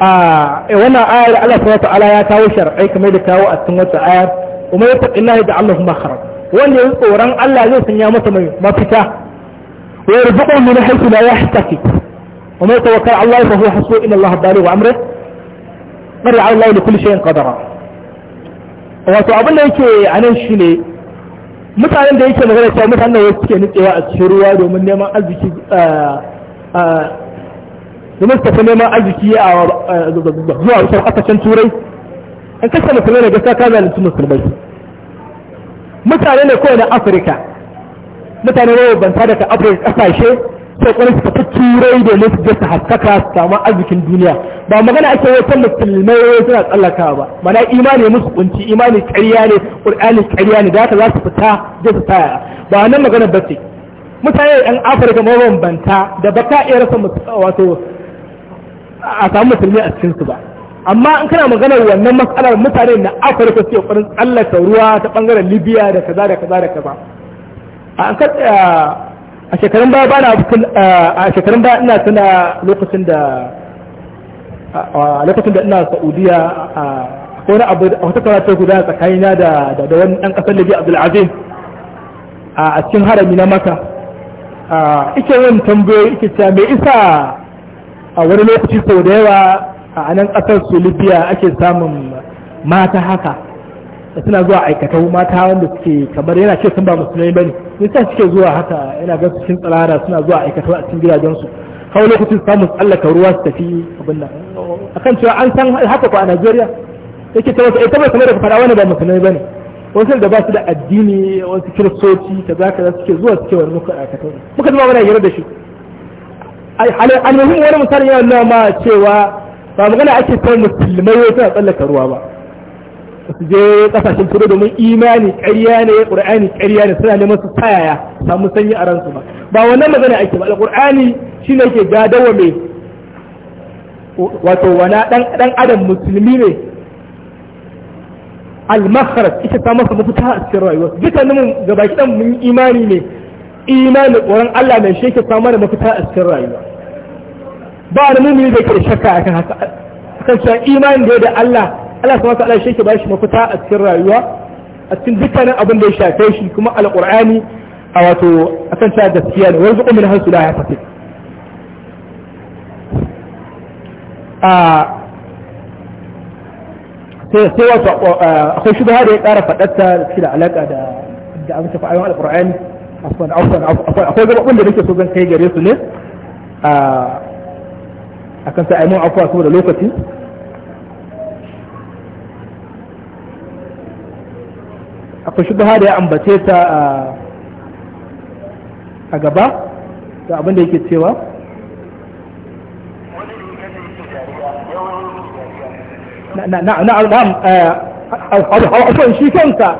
a wannan ayar Allah subhanahu ta'ala ya kawo shar'ai kamar da kawo a cikin wata ayar kuma ya faɗi Allah da Allah kuma kharab wanda ya tsoron Allah zai sanya masa mai mafita wa yarzuqu min haythu la yahtafi wa man tawakkala Allah fa huwa hasbuhu inna Allah baligh amrihi qad ala Allah li kulli shay'in qadara wato abin da yake anan shine mutanen da yake magana cewa mutanen da suke nutsewa a cikin ruwa domin neman arziki domin su tafi neman arziki a zuwa wasu kasashen turai In kashe musulmai ne gaskiya ka zalunci musulmai mutane ne kawai na afirka mutane ne banta daga afirka kasashe sai kwanan su tafi turai domin su je haskaka su samu arzikin duniya ba magana ake wata musulmai wai suna tsallakawa ba mana imani musu kunci imani karya ne ƙur'ani karya ne da haka za su fita je su taya ba nan magana ba ce mutane yan afirka mabambanta da baka iya rasa wato a samu musulmi a cikinsu ba amma in kana maganar wannan matsalar mutane na afirka suke ƙoƙarin tsallaka ruwa ta bangaren libya da kaza da kaza da kaza a shekarun baya bana a shekarun baya ina tuna lokacin da a lokacin da ina saudiya a wani abu a wata karatu guda tsakanina da da wani ɗan ƙasar libya abdulaziz a cikin harami na maka ike yin tambayoyi ike cewa me isa a wani lokaci sau da yawa a nan ƙasar su libya ake samun mata haka suna zuwa aikatau mata wanda suke kamar yana ce sun ba musulmai bane nisa suke zuwa haka yana ga cikin tsirara suna zuwa aikatau a cikin gidajensu kawai lokacin samun tsallaka ruwa su tafi abin nan akan cewa an san haka ko a najeriya yake ta wasu ita eh, bai kamar da faɗa wani ba musulmai bane wasu da ba su da addini wasu kiristoci kaza kaza suke zuwa suke wani muka aikata muka zama mana yarda da shi almuhim wani mutane yawan nawa ma cewa ba magana ake ta musulmai wai suna tsallaka ruwa ba su je kasashen turai domin imani ƙarya ne ƙur'ani ƙarya ne suna neman su tayaya samu sanyi a ransu ba ba wannan magana ake ba alƙur'ani shine yake gadawa mai wato wana dan adam musulmi ne al ita ta masa mafita a cikin rayuwa dukkanin mu gabaki dan mun imani ne imani tsoron Allah mai shi ke samar da mafita a cikin rayuwa ba da mumini da ke shakka akan haka kan cewa imani da da Allah Allah subhanahu wa ta'ala shi ke ba shi mafita a cikin rayuwa a cikin dukkanin abin da ya shafe shi kuma alqur'ani a wato akan cewa gaskiya ne wani zuƙumin hansu da ya fafi sai wato akwai shubha da ya ƙara faɗarta da alaƙa da da abin shafa ayon alqur'ani akwai gababin da nake so zan kai gare su ne a kan sa aimun afuwa saboda lokaci akwai shi da ya ambace ta a gaba da abin da yake cewa na na'am shi kanka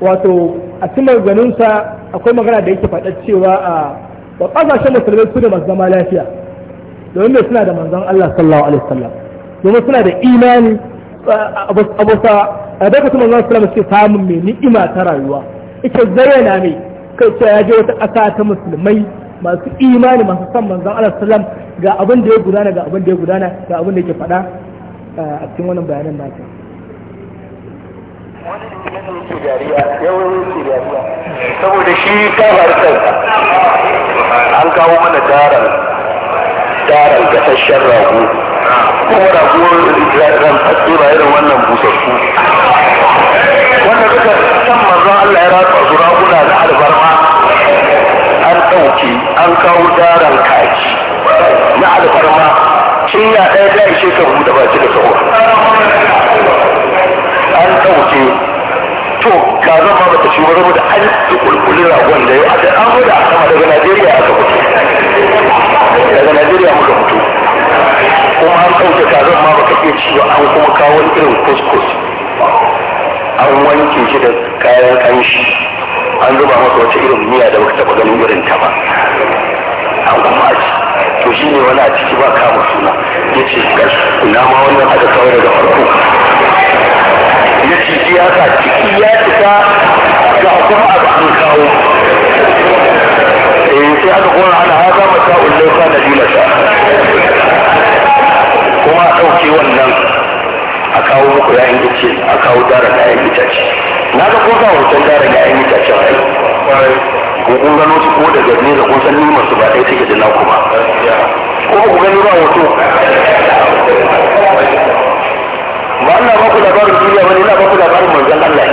wato a cikin ganinsa akwai magana da yake faɗa cewa a wa ƙasashen musulmai su da masu zama lafiya domin mai suna da manzon Allah sallallahu alaihi wasallam domin suna da imani a abusa a daga su manzon sallallahu suke samun mai ni'ima ta rayuwa ita zayyana mai kai cewa ya je wata ƙasa ta musulmai masu imani masu son manzon Allah wasallam ga abin da ya gudana ga abin da ya gudana ga abin da yake faɗa a cikin wannan bayanan nasa saboda shi ta harkarsa an kawo mana tarar tarar gasashen rago kuma rago ran rantsatse ba irin wannan busassu wanda duka san manzon Allah ya ratsa su raguna na albarma an ɗauki, an kawo tarar kaji na albarma cinya ɗaya ta ishe ka buɗe baki da sahur to ka zama mata shi wani da an yi kulkulin ragon da ya da an da sama daga najeriya aka fito daga najeriya muka mutu. kuma an ɗauke ka zama baka iya ciwo an kuma kawo irin kuskus an wanke shi da kayan kanshi an zuba masa wata irin miya da baka taɓa ganin irin ta ba an kuma aji to shi ne wani a ciki ba kama suna ya ce gashi kuna ma wannan aka kawai daga farko ya ci siyasa ciki ya fita ga kuma abu an kawo eh sai aka kuma ana haza mata ullauka da dilata kuma a ɗauke wannan a kawo muku yayin ice a kawo dara da yayin itace na ga kuma ga wancan dara da yayin itace ai ko kun gano su ko da gani da kun san ni masu ba ɗaya take da na kuma ko ku gani ba hoto ba ina ba ku labarin duniya ba ne ina ba ku labarin manzon Allah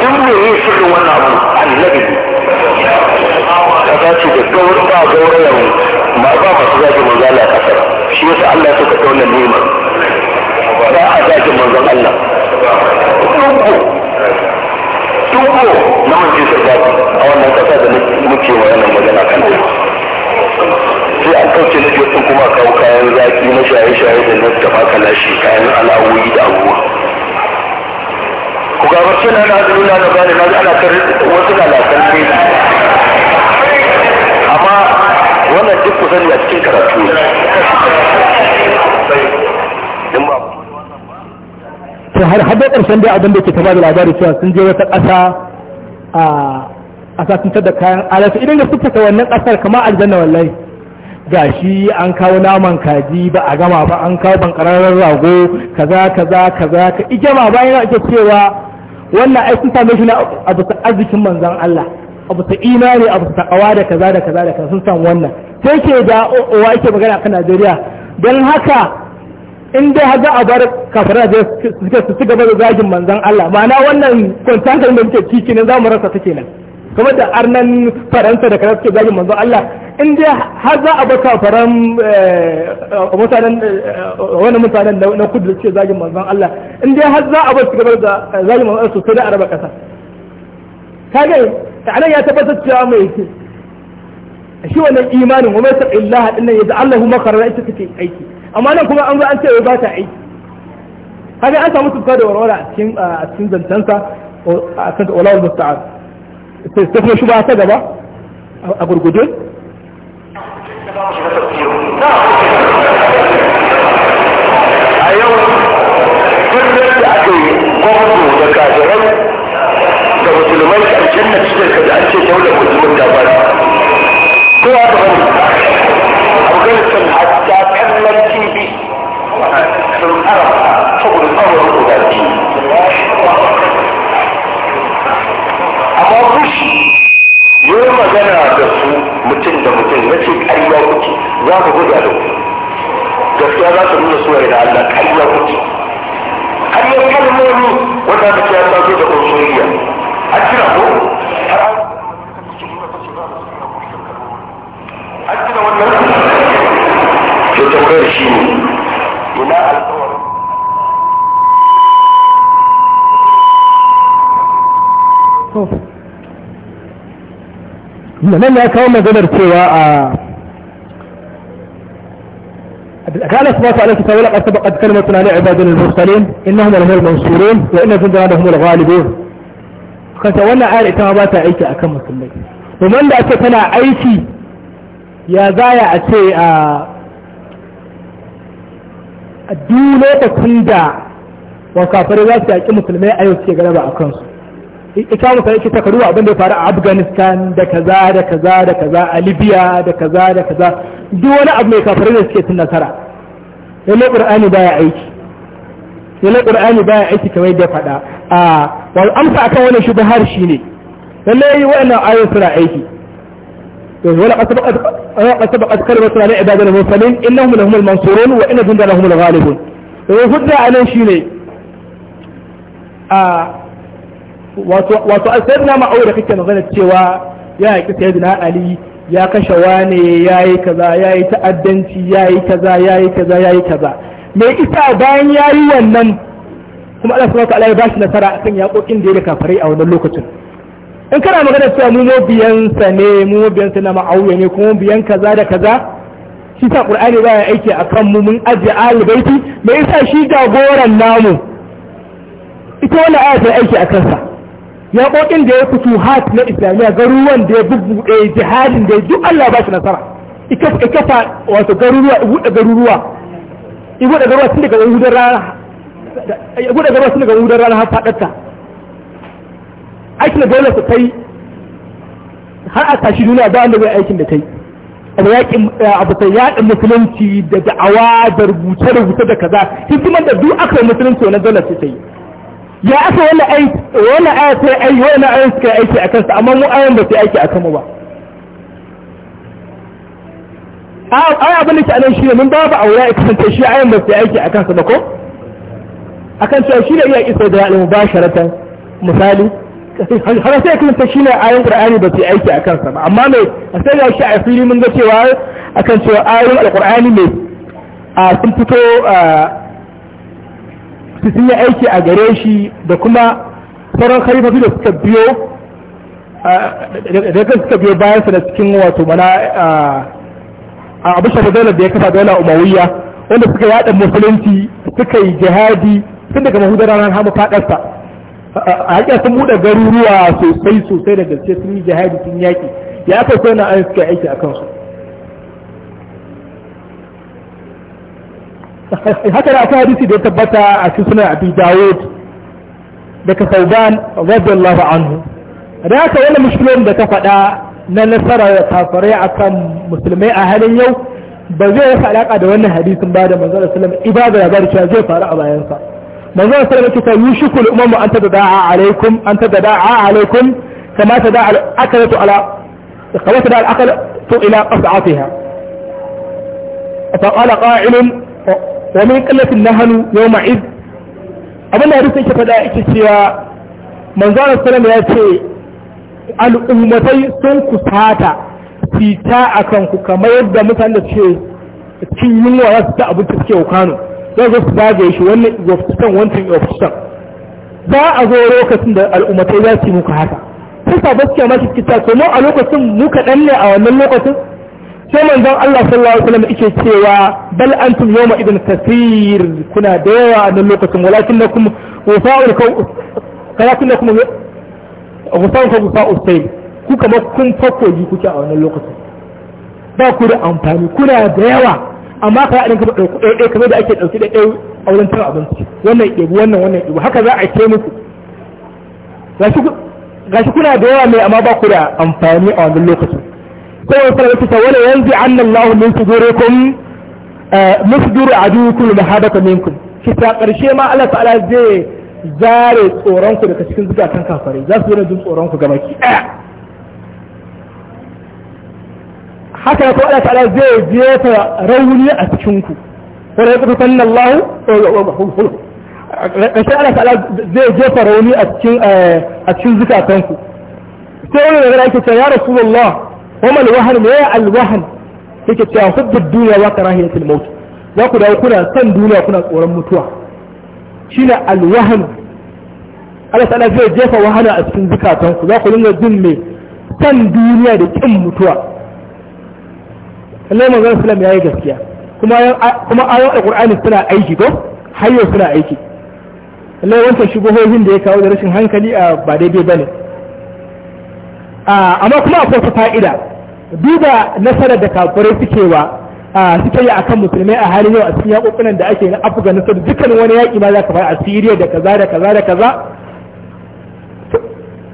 duk me ne sirrin wannan abu annabi ka dace da gaurin ba gaurayen ma ba masu zaki manzon Allah kasar shi yasa Allah ya saka ta wannan nema ba a zaki manzon Allah dunko dunko na manjin sarki a wannan kasa da muke wa yana magana kan sai a kauce na biyar sun kuma kawo kayan zaki na shaye-shaye da na da makalashi kayan alawoyi da abubuwa ku ga wasu na na azumi na gaba da na ana kar wasu na lasan ne amma wannan duk ku sani a cikin karatu to har har karshen dai abin da ke ta da labari cewa sun je wata ƙasa a a satuntar da kayan alasa idan da suka wannan ƙasar kama aljanna wallahi gashi an kawo naman kaji ba a gama ba an kawo bankararren rago kaza kaza kaza ka ijama bayan ake cewa wannan ai sun same shi na abu ta arzikin manzan Allah abu ta imani abu ta kawa da kaza da kaza da kaza sun san wannan sai ke da uwa yake magana kan Najeriya don haka in dai haza a bar kafara da suke su ci gaba da zagin manzan Allah ma'ana wannan kwantan da muke ciki ne za mu rasa ta kenan kuma da arnan faransa da karar suke zagin manzo Allah in dai har za a baka faran mutanen wani mutanen na kudu da suke zagin manzo Allah in dai har za a baka gabar da zagin manzo Allah sosai da araba kasa kage anan ya tabbatar cewa mai ce shi wannan imanin wa mai sa illaha din nan yadda kuma karara ita take aiki amma nan kuma an zo an ce ba ta aiki kage an samu tuka da warwara a cikin cikin zantansa a kan ulul musta'an sai kuma shi ba ta gaba a gurguje a yau kullum da aka yi gwamnati da kafirai da musulmai a na cikin da an ce daular musulmin da ba za ku gudu gaskiya za su nuna suwaye da Allah kalmomi wanda ce ya da a kira ko kira wannan tambayar shi ne ina alƙawarin nan ya kawo maganar cewa a ah, قال الله تعالى كتاب لقد سبقت كلمتنا لعبادنا المرسلين انهم لهم المنصورون وان جندنا لهم الغالبون kanta wannan ayar ita ma ba ta aiki akan musulmai ake tana aiki ya zaya a ce a duk lokacin da wakafarai za su yaƙi musulmai a yau suke galaba a kansu ita musulmai ke takaru abin da ya faru a afghanistan da kaza da kaza da kaza a libya da kaza da kaza duk wani abu mai kafarai da suke sun nasara lalle qur'ani baya aiki lalle qur'ani baya aiki kamar yadda faɗa a wal amsa akan wannan shubhar shine lalle wa'annan ayoyin suna aiki ولقد سبقت كلمة لعبادنا المرسلين إنهم لهم المنصورون وإن جندنا هم الغالبون وفدنا عليه شيء wato a sayidina ma'aura kake magana cewa ya haƙi sayidina ali ya kashe wane ya yi kaza ya yi ta'addanci ya yi kaza ya yi kaza ya yi kaza mai isa bayan ya yi wannan kuma Allah subhanahu ta'ala ya bashi nasara akan yaƙoƙin da ya da kafarai a wannan lokacin in kana magana cewa mu sa ne mu mabiyansa na ma'auya ne kuma mu biyan kaza da kaza shi sa qur'ani ba ya aiki akan mu mun ajiye ahlul baiti mai isa shi jagoran namu ita wannan aya ta aiki a kansa. yaƙoƙin da ya fi hat na islamiyya garuruwan da ya bubbuɗe jihadin da ya duk Allah ba shi nasara ikafa wato garuruwa buɗe garuruwa buɗe garuruwa sun daga yahudan rana buɗe garuruwa tun daga yahudan rana har faɗarta aikin da dole su kai har a tashi duniya ba wanda bai aikin da kai abu yaƙin eh, abu ta yaƙin musulunci da da'awa da rubuce-rubuce da kaza fi da duk aka yi musulunci wani dole su kai ya aka wani ai wani aya ta ai wani aya suka aiki a kansa amma mu ayan ba ta aiki a kanmu ba ai abin da ke anan shi ne mun babu aure a kasance shi ayan ba ta aiki a kansa ba ko a akan cewa shi ne iya isa da alimu ba sharatan misali har sai kuma ta shine ayan Qur'ani ba su aiki a kansa ba amma mai a sai ga shi a fili mun ga cewa kan cewa ayoyin Al-Qur'ani ne a sun fito su sun yi aiki a gare shi da kuma sauran khalifofi da suka biyo da suka biyo bayansa da cikin wato mana a abu da ya kafa daular umawiyya wanda suka yada musulunci suka yi jihadi sun daga mahudar ranar hamu fadarsa a hakiya sun buɗe garuruwa sosai sosai da gaske sun yi jihadi sun yaƙi ya aka so na an suka aiki a kansu haka da akwai hadisi da ya tabbata a cikin sunan abi dawud daga sauban radiyallahu anhu da haka wani mushkilin da ta faɗa na nasarar kafirai akan musulmai a halin yau ba zai rasa alaka da wannan hadisin ba da manzon sallam ibada ya bari cewa zai faru a bayansa manzon sallam yake ta yushikul umamu an tadda'a alaikum an tadda'a alaikum kama tadda'a al-akalatu ala kama tadda'a al-akalatu ila qas'atiha فقال قائل wa min qallatin nahnu yawma id abin da hadisin ke faɗa yake cewa manzon sallallahu ya ce al'ummatai sun kusata fita a ku kamar yadda mutane da ce cikin yunwa za su ta abin da suke kano za su su zagaye shi wannan ofistan wancan ofistan za a zo lokacin da al'ummatai za su yi muka haka sai sabon suke mashi kita kuma a lokacin muka ɗan ne a wannan lokacin sai manzon Allah sallallahu alaihi wasallam yake cewa bal antum yawma idan kaseer kuna da yawa a nan lokacin walakinnakum wafa'ul kaw walakinnakum wafa'ul kaw wasa'ul sai ku kuma kun ji kuke a wannan lokacin ba ku da amfani kuna da yawa amma ka yi ka ɗauki ɗaiɗai kamar da ake ɗauki ɗaiɗai a wurin cin abinci wannan ɗebu wannan wannan ɗebu haka za a ce muku gashi kuna da yawa mai amma ba ku da amfani a wannan lokacin sai wasu wata ta wala yanzu an Allah min sudurikum musdur adukum da hadaka minkum shi ta karshe ma Allah ta'ala zai zare tsoron ku daga cikin zukatan kafare za su yana jin tsoron ku gaba ki haka ko Allah ta'ala zai jefa rauni a cikin ku wala yaqtulanna Allah ƙarshen Allah ta'ala zai jefa rauni a cikin a cikin zukatan ku sai wani daga ake cewa ya rasulullah kuma alwahan wahan ya alwahan yake cewa hubbud duniya wa karahiyatul maut za ku dawo kuna son duniya kuna tsoron mutuwa shine alwahan Allah ta'ala zai jefa wahala a cikin ku za ku dinga jin me san duniya da kin mutuwa Allah manzon sallam yayi gaskiya kuma kuma ayoyin alqur'ani suna aiki ko hayyo suna aiki Allah wancan shubuhohin da ya kawo da rashin hankali a ba daidai bane amma kuma akwai wata fa'ida duba nasarar da kafirai suke wa suke yi akan musulmai a halin yau a cikin yakokunan da ake na sabu dukkan wani yaƙi ma za ka fara a siriya da kaza da kaza da kaza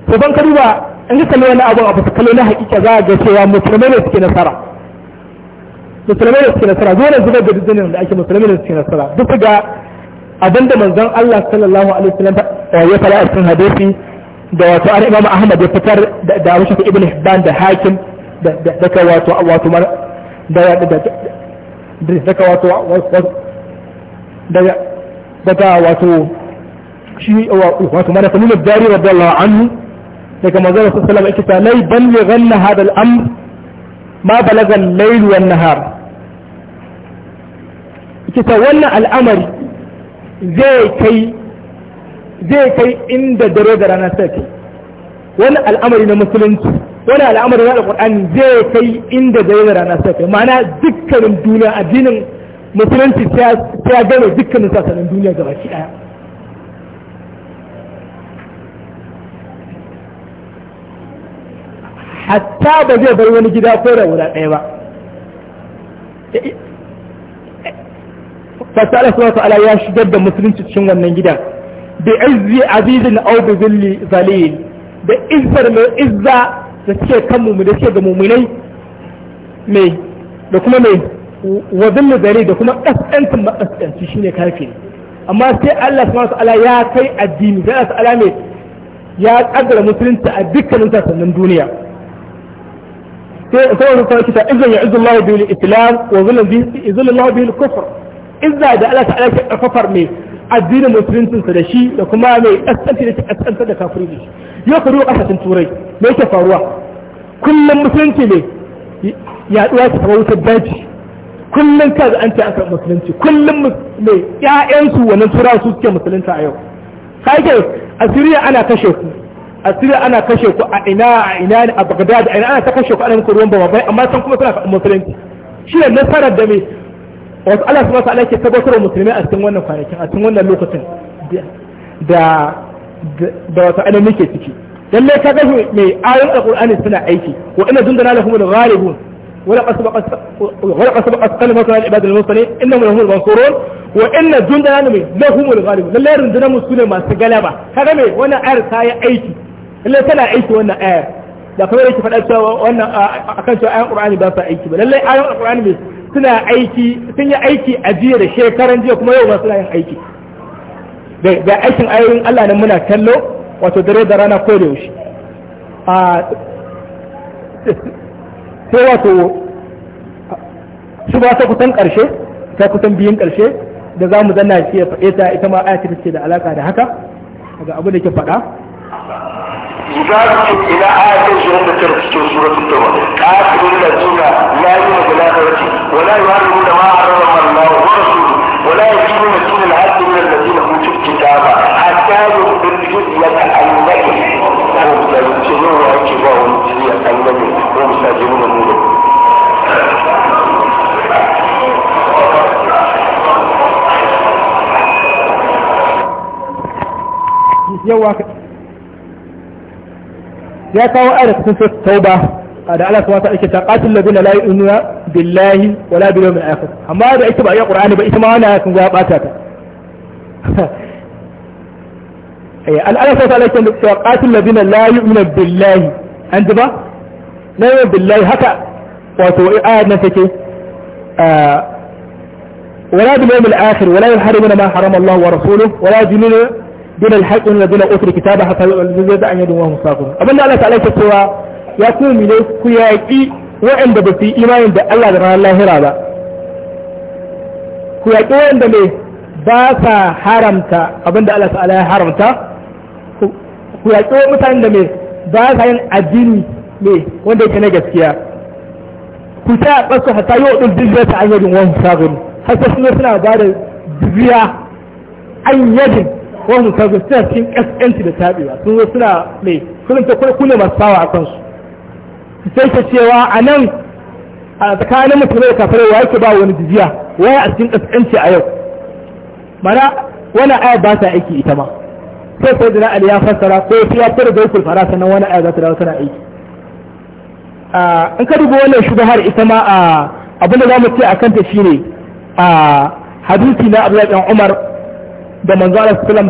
to ban ka duba in ka kalli wani abun abu ka kalli na hakika za ga cewa musulmai ne suke nasara musulmai ne suke nasara dole zubar da dukkanin da ake musulmai ne suke nasara duk ga abinda manzon Allah sallallahu alaihi wasallam eh, ya fara a cikin hadisi da wato an imam Ahmad ya fitar da Abu Shafi ibn Hibban da Hakim da ka wato wato mar da da da ka wato da ya da ka wato shi wato mara kanu dari radiyallahu anhu daga manzon sallallahu alaihi wasallam yake ta lai ballighanna hada al-amr ma balagha al-layl wan nahar kita wannan al'amari zai kai zai kai inda dare da rana suka wannan al'amari na musulunci wani al'amari na alƙur'ani zai kai inda zai da rana sai kai ma'ana dukkanin duniya addinin musulunci ta ya gane dukkanin sassanin duniya gaba ki ɗaya hatta ba zai bar wani gida ko da guda ɗaya ba fasa Allah subhanahu ta'ala ya shigar da musulunci cikin wannan gidan bi izzi azizin aw bi zalil da izzar mai izza da suke kan mu da suke ga muminai mai da kuma mai wazin nazari da kuma ƙasƙantin maƙasƙanci shine karfe amma sai Allah subhanahu ala ya kai addini sai Allah ta'ala mai ya kaddara musulunci a dukkanin sassanin duniya sai sai wani kawai kita izan ya izin Allah bil islam wa zulun bi izin Allah bil kufr izza da Allah ta'ala ke kafafar mai addinin musuluncinsa da shi da kuma mai kaskanci da kaskanta da kafiri da yau ka duba kasashen turai me ke faruwa kullum musulunci ne yaduwa ta kamar wutar daji kullum ka an ce aka musulunci kullum ne ƴaƴansu wannan turawa su suke musulunta a yau kage a Syria ana kashe ku a Syria ana kashe ku a ina a ina a Baghdad a ina ana ta kashe ku ana muku ruwan bama amma san kuma suna faɗin musulunci shi ne nasarar da me wasu Allah subhanahu ta'ala yake tabbatar wa musulmai a cikin wannan kwanakin a cikin wannan lokacin da da wata anan muke ciki lalle ka ga mai ayoyin alqur'ani suna aiki wa inna jundana lahum al-ghalibun wala qasab wala qasab asqalmatu lil ibad al-muslimin innahum lahum al-mansurun wa inna jundana lahum al-ghalibun lalle rundunar musulmai masu galaba kaga me wannan ayar ta yi aiki lalle tana aiki wannan ayar da kamar yake faɗa cewa wannan akan cewa ayan qur'ani ba su aiki ba lalle ayan qur'ani ne suna aiki sun yi aiki a jiya da shekaran jiya kuma yau ba suna yin aiki da aikin ayoyin Allah nan muna kallo wato dare da rana ko da yaushe a sai wato shi ba ta kusan karshe ta kusan biyun karshe da za mu zanna shi ya faɗe ta ita ma ayati ce da alaka da haka daga abu da ke faɗa إذا يبارك الى اخر سوره التركه سوره التوبه قاتل الذين لا يؤمنون بالاخره ولا يعلمون ما حرم الله ورسوله ولا يدينون دين العدل من الذين اوتوا الكتاب حتى يؤتوا الجزيه عن يد وهم يمتنون واجبا والجزيه عن يد وهم ساجنون منهم يواك ya kawo ayar cikin sura tauba da Allah subhanahu wa ta'ala ta qatil ladina la yu'minuna billahi wala bil yawmil akhir amma da ita ba ya qur'ani ba ita ma wannan ayatun ga bata ta ay eh, Allah subhanahu wa ta'ala ta qatil ladina la yu'minuna billahi an ba la yu'minuna billahi haka wato ayat nan take ah, wala bil yawmil akhir wala yuharrimuna ma harama Allah wa rasuluhu wala yudinuna dole alhaƙin da dole otar kitaba haka zai da an yi dunwa musafir abin da Allah ta'ala ke cewa ya ku mu ne ku yaƙi waɗanda ba su yi imanin da Allah da ranar lahira ba ku yaƙi waɗanda ne ba sa haramta abin da Allah ta'ala ya haramta ku yaƙi wa mutanen da mai ba sa yin addini ne wanda yake na gaskiya ku ta ƙasa hata yi waɗin jirgin ta an yi dunwa musafir har sai suna ba da jirya an yadin wasu kaga suna cikin kaskanci da taɓewa sun zo suna mai kullum ta kuma kune masu fawa a kansu su sai ta cewa a nan a tsakanin musulmai da kafirai wa yake ba wani jijiya waya a cikin ƙasƙanci a yau mana wani aya ba ta aiki ita ma sai sai da ali ya fassara ko sai ya fara da ukul fara sannan wani aya za ta dawo tana aiki in ka duba wannan har ita ma a abinda za mu ce a kanta shine a hadisi na Abdullahi Umar da manzo Allah sallam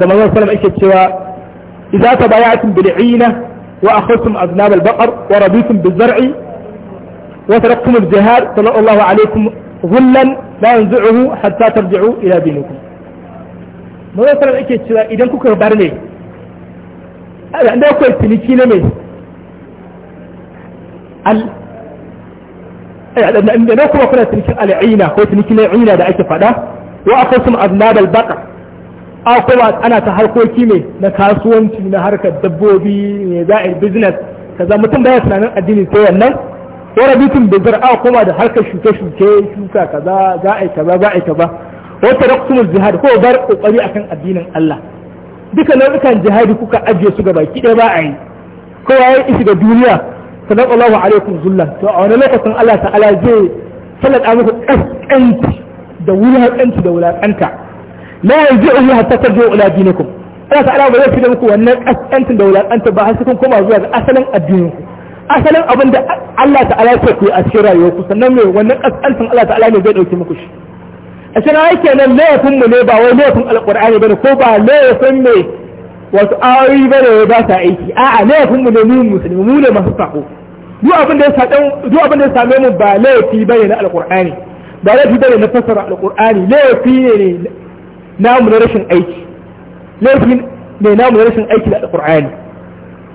da manzo sallam yake cewa idza tabayatum bil aina wa akhadtum aznab al baqar wa raditum bil zar'i wa taraktum al jihad sallallahu alaikum ghullan la yanzuhu hatta tarji'u ila dinikum manzo sallam yake cewa idan kuka bar ne idan kuka tiliki ne mai da na kuma kuna tunikin al'ina ko tunikin al'ina da ake fada wa akwai sun aznab al-baqar akwai ana ta harkoki ne na kasuwanci na harkar dabbobi ne za a yi ka kaza mutum ya tunanin addini sai wannan ya rabitun bizar a kuma da harkar shuke-shuke shuka ka za a yi ba za a yi ba. wata raksumul jihad ko bar kokari akan addinin Allah duka nau'ikan jihadi kuka ajiye su ga baki ɗaya ba a yi kowa ya isi ga duniya sadan Allahu alaikum zulla to a wani lokacin Allah ta'ala zai sallata muku kaskanci da wulakanci da wulakanta la yarji'u hatta tarji'u ila dinikum Allah ta'ala ba zai fi da muku wannan kaskancin da wulakantar ba har sai kun koma zuwa ga asalin addinin ku asalin abin da Allah ta'ala ya ku a cikin rayuwar ku sannan me wannan kaskancin Allah ta'ala ne zai dauke muku shi a cikin aiki nan laifin mu ne ba wai laifin alqur'ani bane ko ba laifin ne wasu ayoyi bane ba ta aiki a'a laifin mu ne mu musulmi mu ne masu sako duk abin da ya duk abin da ya same mu ba laifi bane na alqur'ani ba laifi bane na fasara alqur'ani laifi ne namu na rashin aiki laifin ne namu na rashin aiki da alƙur'ani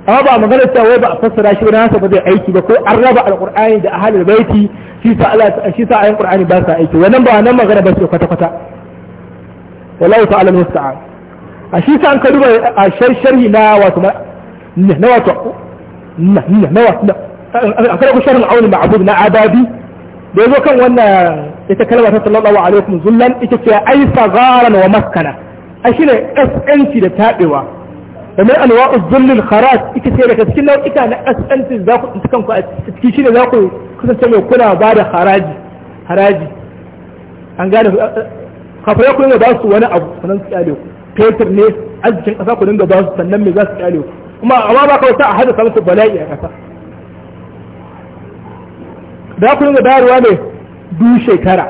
amma ba magana cewa wai ba a fassara shi ba nasa ba zai aiki ba ko an raba alƙur'ani da ahalul baiti shi sa Allah shi sa ayin ƙur'ani ba sa aiki wannan ba nan magana ba ce kwata kwata wallahi ta'ala musta'an a shi sa an ka duba a sharhi na wato na wato na na wato a kada ku sharhin auni ma'bud na adabi da yazo kan wannan ita kalma ta sallallahu alaihi zullan ita ce ai sagaran wa maskana a shi ne kaskanci da taɓewa da mai alwa'u zullin kharaj ita ce daga cikin nau'ika na kaskanci za ku tsinci kanku a ciki shi ne za ku kasance mai kuna ba da haraji haraji an gane kafare ku dinga ba su wani abu sannan su kyale ku fetur ne arzikin ƙasa ku dinga ba su sannan me za su kyale ku kuma amma ba kawai ta a haddasa musu bala'i a ƙasa da ku dinga bayarwa ne du shekara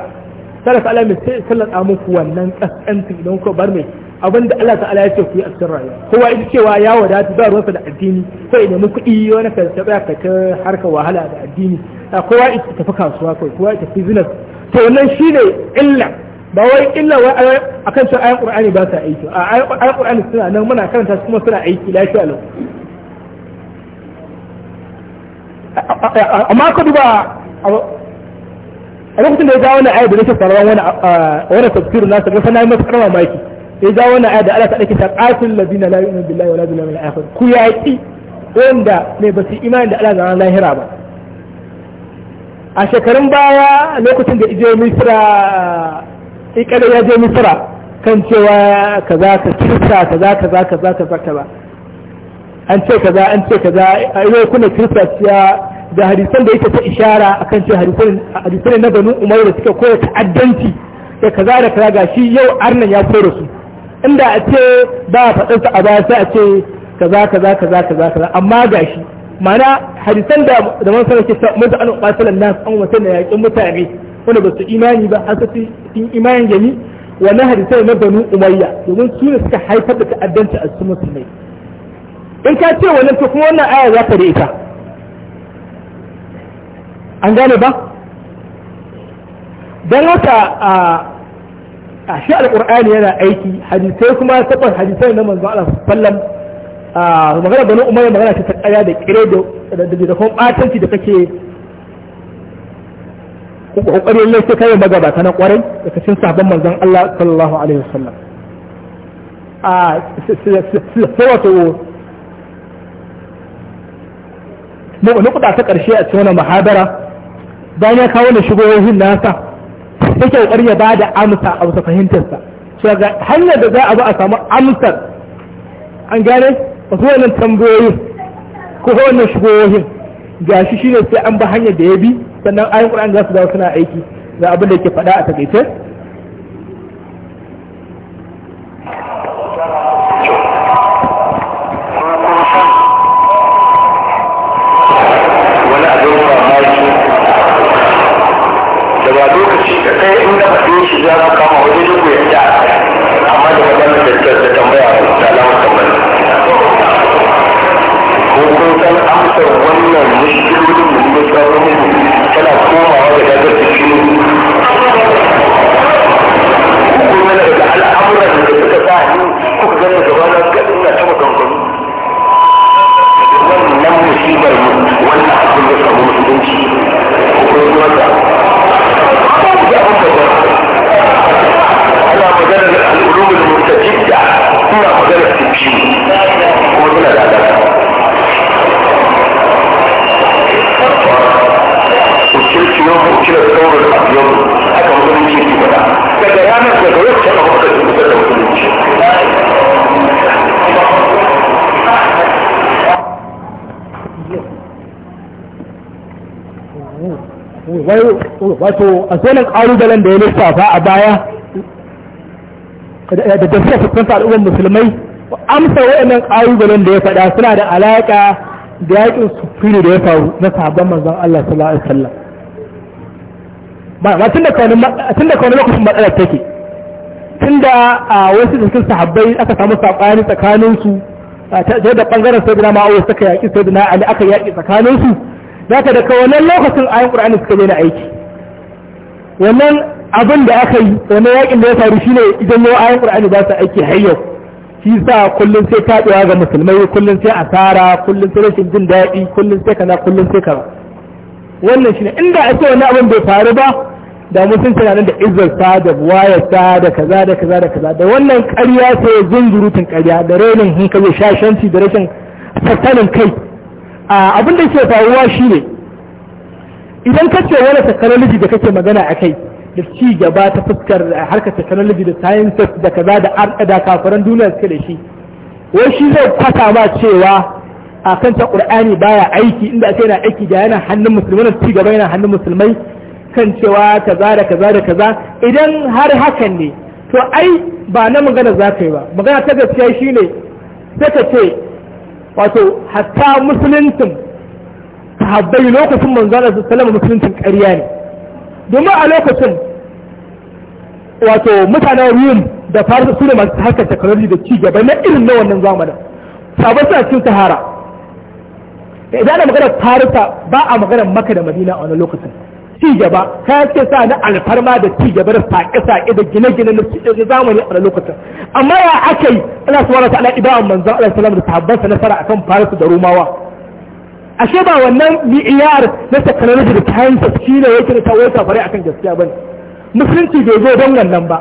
kada ka alamin sai sallar sallata muku wannan kaskanci idan ku bar mai abinda Allah ta'ala ya ce ku yi a cikin rayuwa kowa ita cewa ya wadatu ba ruwansa da addini ko ya nemi kuɗi wani ka tsaya ka ta harka wahala da addini kowa ita tafi kasuwa kai kowa ita tafi business to wannan shi ne illa ba wai illa wai a kan cewa ayan ƙur'ani ba sa aiki a ayan qur'ani suna nan muna karanta kuma suna aiki lafiya lau amma ka duba a lokacin da ya ja wani ayat da nake tsaron wani wani tafsirin nasa ga sanayi karama mamaki ya ja wani ayat da Allah ta dake ta qatil ladina la yu'minu billahi wa la bil yawmil akhir ku yaqi wanda ne ba su imani da Allah da ranar lahira ba a shekarun baya lokacin da ije misra ikada ya je misra kan cewa kaza ka kirsa kaza kaza kaza kaza kaza an ce kaza an ce kaza a yau kuna kirsa ciya da hadisan da yake ta ishara akan ce hadisan na banu Umaru da suka koya ta'addanci da kaza da kaza ga shi yau arnan ya kore su inda a ce ba a faɗin sa a baya sai a ce kaza kaza kaza kaza kaza amma ga shi mana hadisan da da man sanar ke mutu an annabi sallallahu alaihi an wata da yaƙin mutane wanda ba su imani ba har sai in imanin gani wannan hadisan na banu umayya domin su ne suka haifar da ta'addanci a cikin musulmai in ka ce wannan to kuma wannan aya za ta da ita an gane ba don haka a shi alƙur'ani yana aiki hadisai kuma tabbas hadisai na manzo Allah sallam a magana bani umar magana ta tsaya da kire da da kuma batanci da kake kokarin laifin kai magabata na kwarai da cikin sabon manzon Allah sallallahu alaihi wasallam a sai wato mu ta karshe a cikin wannan muhabara bayan ya kawo da shigohin nasa ta kokari ya ba da amsa a wata fahimtarsa shi ga hanyar da za a bi a samu amsar an gane wasu wannan tambayoyin ko wannan shigohin gashi shine sai an ba hanyar da ya bi sannan ayin Qur'an za su dawo suna aiki ga abin da yake faɗa a takaice wato a tsohon ƙalubalen da ya lissafa a baya da tafiya fuskanta al'ummar musulmai amsa waɗannan ƙalubalen da ya faɗa suna da alaƙa da yaƙin sufuri da ya faru na sabon manzon Allah sallallahu alaihi wasallam ba tun da kawai lokacin matsalar take tun da a wasu cikin sahabbai aka samu saɓani tsakaninsu ta da bangaren sai da ma'awar suka yaƙi sai da na ali aka yaƙi tsakaninsu za ka da kawanan lokacin ayin ƙur'ani suka na aiki wannan abin da aka yi wannan yakin da ya faru shine idan yau ayan qur'ani ba su aiki har yau shi sa kullum sai taɗewa ga musulmai kullum sai asara kullum sai rashin jin daɗi kullum sai kaza kullum sai kaza wannan shine inda a ce wannan abin bai faru ba da mutum tunanin da sa da buwayarsa da kaza da kaza da kaza da wannan ƙarya sai zunzurutun ƙarya da rainin hankali shashanci da rashin tattalin kai ah, abin da ke faruwa shine idan ka ce wani technology da kake magana a kai da ci gaba ta fuskar harkar technology da sciences da kaza da arka da kafaran duniya suke da shi wai shi zai kwata ma cewa a kan ta qur'ani baya aiki inda ake yana aiki da yana hannun musulmai ci gaba yana hannun musulmai kan cewa kaza da kaza da kaza idan har hakan ne to ai ba na magana za ka yi ba magana ta gaskiya shine sai ka ce wato hatta musuluncin sahabbai lokacin manzana su salama musuluncin ƙarya ne domin a lokacin wato mutanen rum da farisa su ne masu harkar technology da cigaba na irin na wannan zamanin sabon suna cikin sahara da idan ana maganar farisa ba a maganar maka da madina a wani lokacin cigaba ta ce sa na alfarma da cigaba da saƙe-saƙe da gine-gine na zamani a wani lokacin amma ya aka yi ana suwa na ta'ala ibrahim manzan alaihi salam da sahabbansa nasara akan farisa da rumawa ashe ba wannan bi'iyar na technology da science shi ne yake da tawo safari akan gaskiya bane musulunci bai zo don wannan ba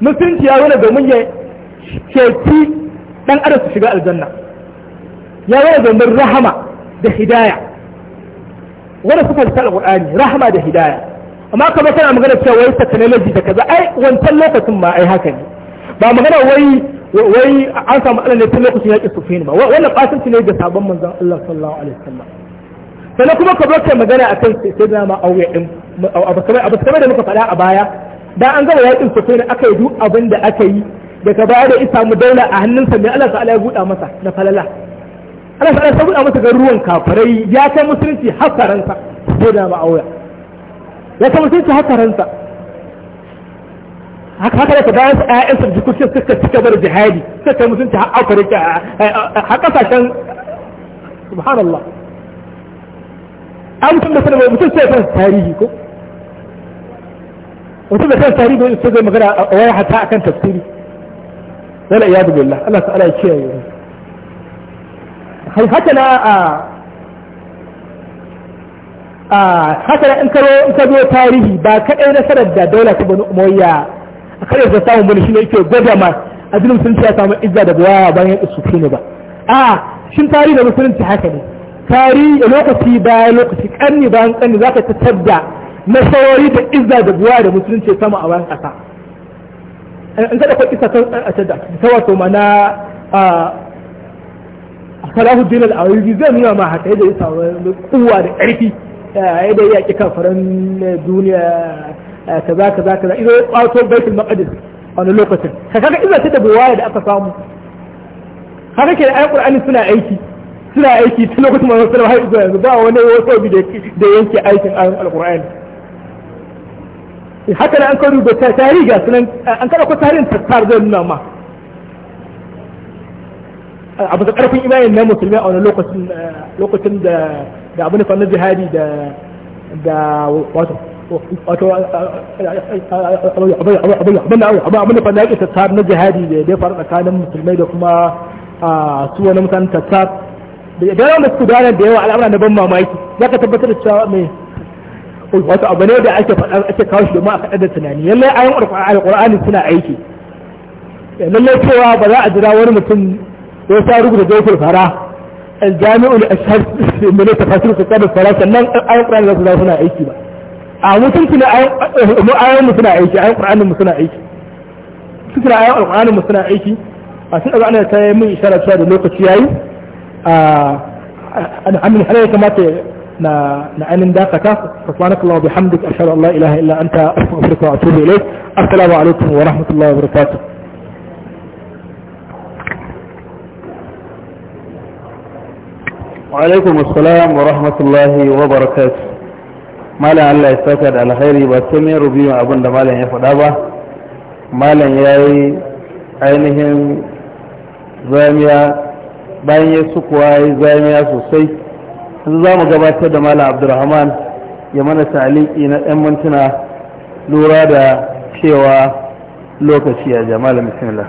musulunci ya wani domin ya sheti dan adam su shiga aljanna ya wani domin rahama da hidaya wanda suka ta alqur'ani rahama da hidaya amma kamar kana magana cewa wai technology da kaza ai wancan lokacin ma ai haka ne ba magana wai wai an samu Allah ne tun lokacin yaƙi Sufyan ba wannan ƙasirci ne da sabon manzon Allah sallallahu alaihi wasallam sannan kuma ka zo kai magana akan sai da ma auya din abu kamar da muka faɗa a baya da an gama yaƙin Sufyan aka yi duk abin da aka yi daga baya da isa mu daula a hannunsa mai Allah ta'ala ya buɗa masa na falala Allah ta'ala ya buɗa masa ruwan kafirai ya kai musulunci hasaransa sai da ma auya ya kai musulunci hasaransa. haka da ta bayan ƴaƴan su jikokin suka cika bar jihadi suka kai mutunci har afirka har kasashen subhanallah an mutum da sanar mutum sai kan tarihi ko mutum da kan tarihi ko sai zai magana a waya hata akan tafsiri wala iyadu billah Allah ta'ala ya kiyaye kai haka na a a haka in karo in ka zo tarihi ba kaɗai nasarar da daula ta bani umayya A kar ya zata mun shine yake gwada ma addinin musulunci ya samu izza da buwaya bayan ya tsufe ne ba a shin tarihi da musulunci haka ne tarihi lokaci bayan lokaci karni bayan karni zaka ta tabda nasarori da izza da buwa da musulunci ya samu a bayan kasa eh, in kada kwa isa a tada ta wato mana a salahuddin al-awiyubi zai nuna ma haka yadda ya samu kuwa da ƙarfi eh, yadda ya yaƙi kafaran eh, duniya آه، كذا كذا كذا إذا أتوا بيت المقدس أنا لوقت خلاك إذا تدبوا وايد أتفاهم خلاك إذا أقول أنا سنا عيتي سنا عيتي تلوقت ما نصر هاي القرآن ضاع وأنا وصل بدي دي أنت عيت آه، القرآن حتى آه، أنا أنكر بتساريجا سنا أنكر أقول سهرين تكار ذي النعمة أبغى أعرف إيمان النعمة سلمة أنا لوقت لوقت ده ده أبغى نفهم هذه ده ده واتو wato abin da fana yake tattar na jihadi da ya faru tsakanin musulmai da kuma su wani mutane tattar da yawan da su gane da yawa al'amuran na ban mamaki za ka tabbatar da cewa mai wato abu ne da ake faɗa ake kawo shi domin a kaɗa da tunani lallai ayan alƙur'ani suna aiki lallai cewa ba za a jira wani mutum ya sa rubuta jaifin fara aljami'ul ashhar min tafasir su kada fara sannan ayan alƙur'ani za su zama suna aiki ba a mutunci ne ayoyin mu suna aiki ayoyin qur'anin mu suna aiki su suna ayoyin qur'anin mu suna aiki a sun daga ana ta yi min isharar cewa da lokaci yayi a amin har ya kamata na na ainin dakata subhanaka allah bihamdik ashhadu an la ilaha illa anta astaghfiruka wa atubu ilayk assalamu alaikum wa rahmatullahi wa barakatuh وعليكم السلام ورحمة الله وبركاته malam Allah ya saka da alkhairi ba ta mai rubiyu abin da malam ya faɗa ba malam ya yi ainihin zamiya bayan ya sukuwa ya yi zamiya sosai yanzu za mu gabatar da malam abdulrahman ya mana taliki na ɗan mintuna lura da cewa lokaci ya ja malam bismillah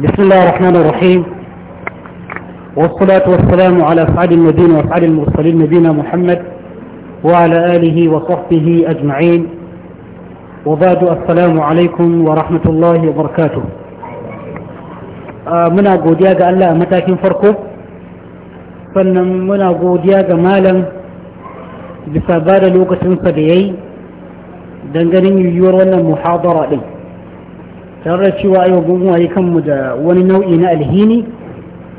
bismillah rahman rahim والصلاة والسلام على أسعد النبيين وأسعد المرسلين نبينا محمد وعلى آله وصحبه أجمعين وبعد السلام عليكم ورحمة الله وبركاته muna godiya ga Allah a matakin farko sannan muna godiya ga malam bisa da lokacinsa da ya yi ganin yiwuwar wannan muhadara ɗin tare da cewa yau gungun yi kanmu da wani nau'i na alhini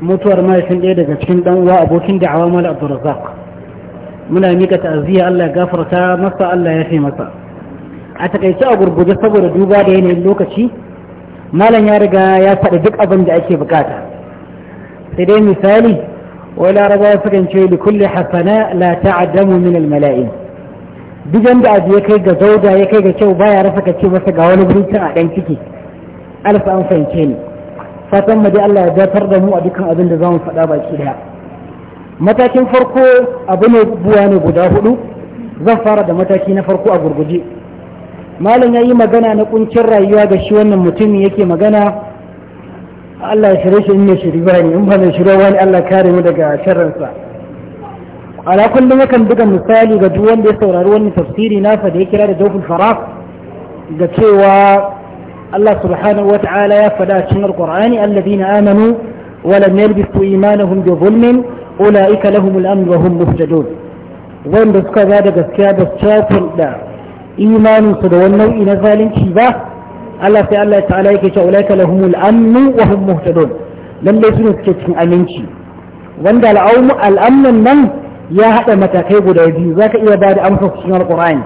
mutuwar mahaifin ɗaya daga cikin ɗan uwa abokin da'awa mal abdurrazak muna mika ta'aziyya Allah ya gafarta masa Allah ya fi masa a takaice a gurguje saboda duba da yanayin lokaci malam ya riga ya faɗi duk abin da ake bukata sai dai misali wai larabawa sukan ce li kulli hasana la ta'addamu min al mala'in duk da abu ya kai ga zauda ya kai ga kyau baya rasa ka ce masa ga wani gurin a dan ciki alfa an fahimce ni fatan mu dai Allah ya zartar da mu a dukkan abin da zamu faɗa baki daya matakin farko abu ne buwa ne guda hudu zan fara da mataki na farko a gurguje malam ya yi magana na kuncin rayuwa ga shi wannan mutumin yake magana Allah ya shirye shi in ne shiri ba ne in ba mai shirya wani Allah kare mu daga sharransa ala kullum yakan buga misali ga duk wanda ya saurari wannan tafsiri nasa da ya kira da jawful faraf ga cewa Allah subhanahu wa ta'ala ya fada cikin alqur'ani alladhina amanu wa lam yalbisu imanahum bi dhulmin ula'ika lahumul amn wa hum wanda suka ga da gaskiya da tsafin da imanin da wani nau'i na zalunci ba Allah sai Allah ta'ala yake cewa ula'ika lahumul amn wa hum muhtadun lalle su ne suke cikin aminci wanda al'amu nan ya haɗa matakai guda biyu zaka iya bada amsa cikin alqur'ani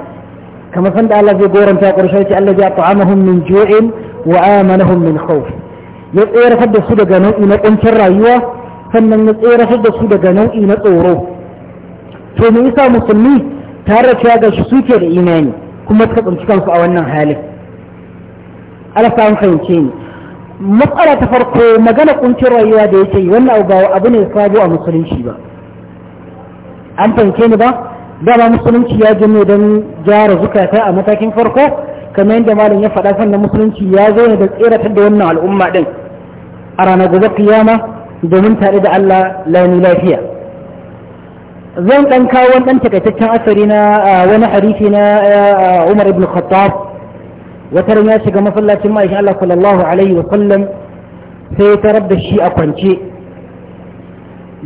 kamar san da Allah zai goranta ƙarshen ce Allah ya ta'amahum min ju'in wa amanahum min khawf ya tsayar da su daga nau'i na kuncin rayuwa sannan ya tsoratar da su daga nau'i na tsoro to me yasa musulmi tare da ga shi suke da imani kuma suka tsamci kansu a wannan halin ala an fahimce ni matsala ta farko magana kuncin rayuwa da yake yi wannan ba abu ne sabo a musulunci ba an fahimce ni ba dama musulunci ya jimo don gyara zukata a matakin farko kamar yadda malam ya faɗa sannan musulunci ya zo ne da tseratar da wannan al'umma din a ranar gobe kiyama domin tare da Allah launi lafiya zan ɗan kawo wani ɗan takaitaccen asari na wani hadisi na Umar ibn Khattab wata ran ya shiga masallacin ma'aikin Allah sallallahu alaihi wa sallam sai ta rabda shi a kwance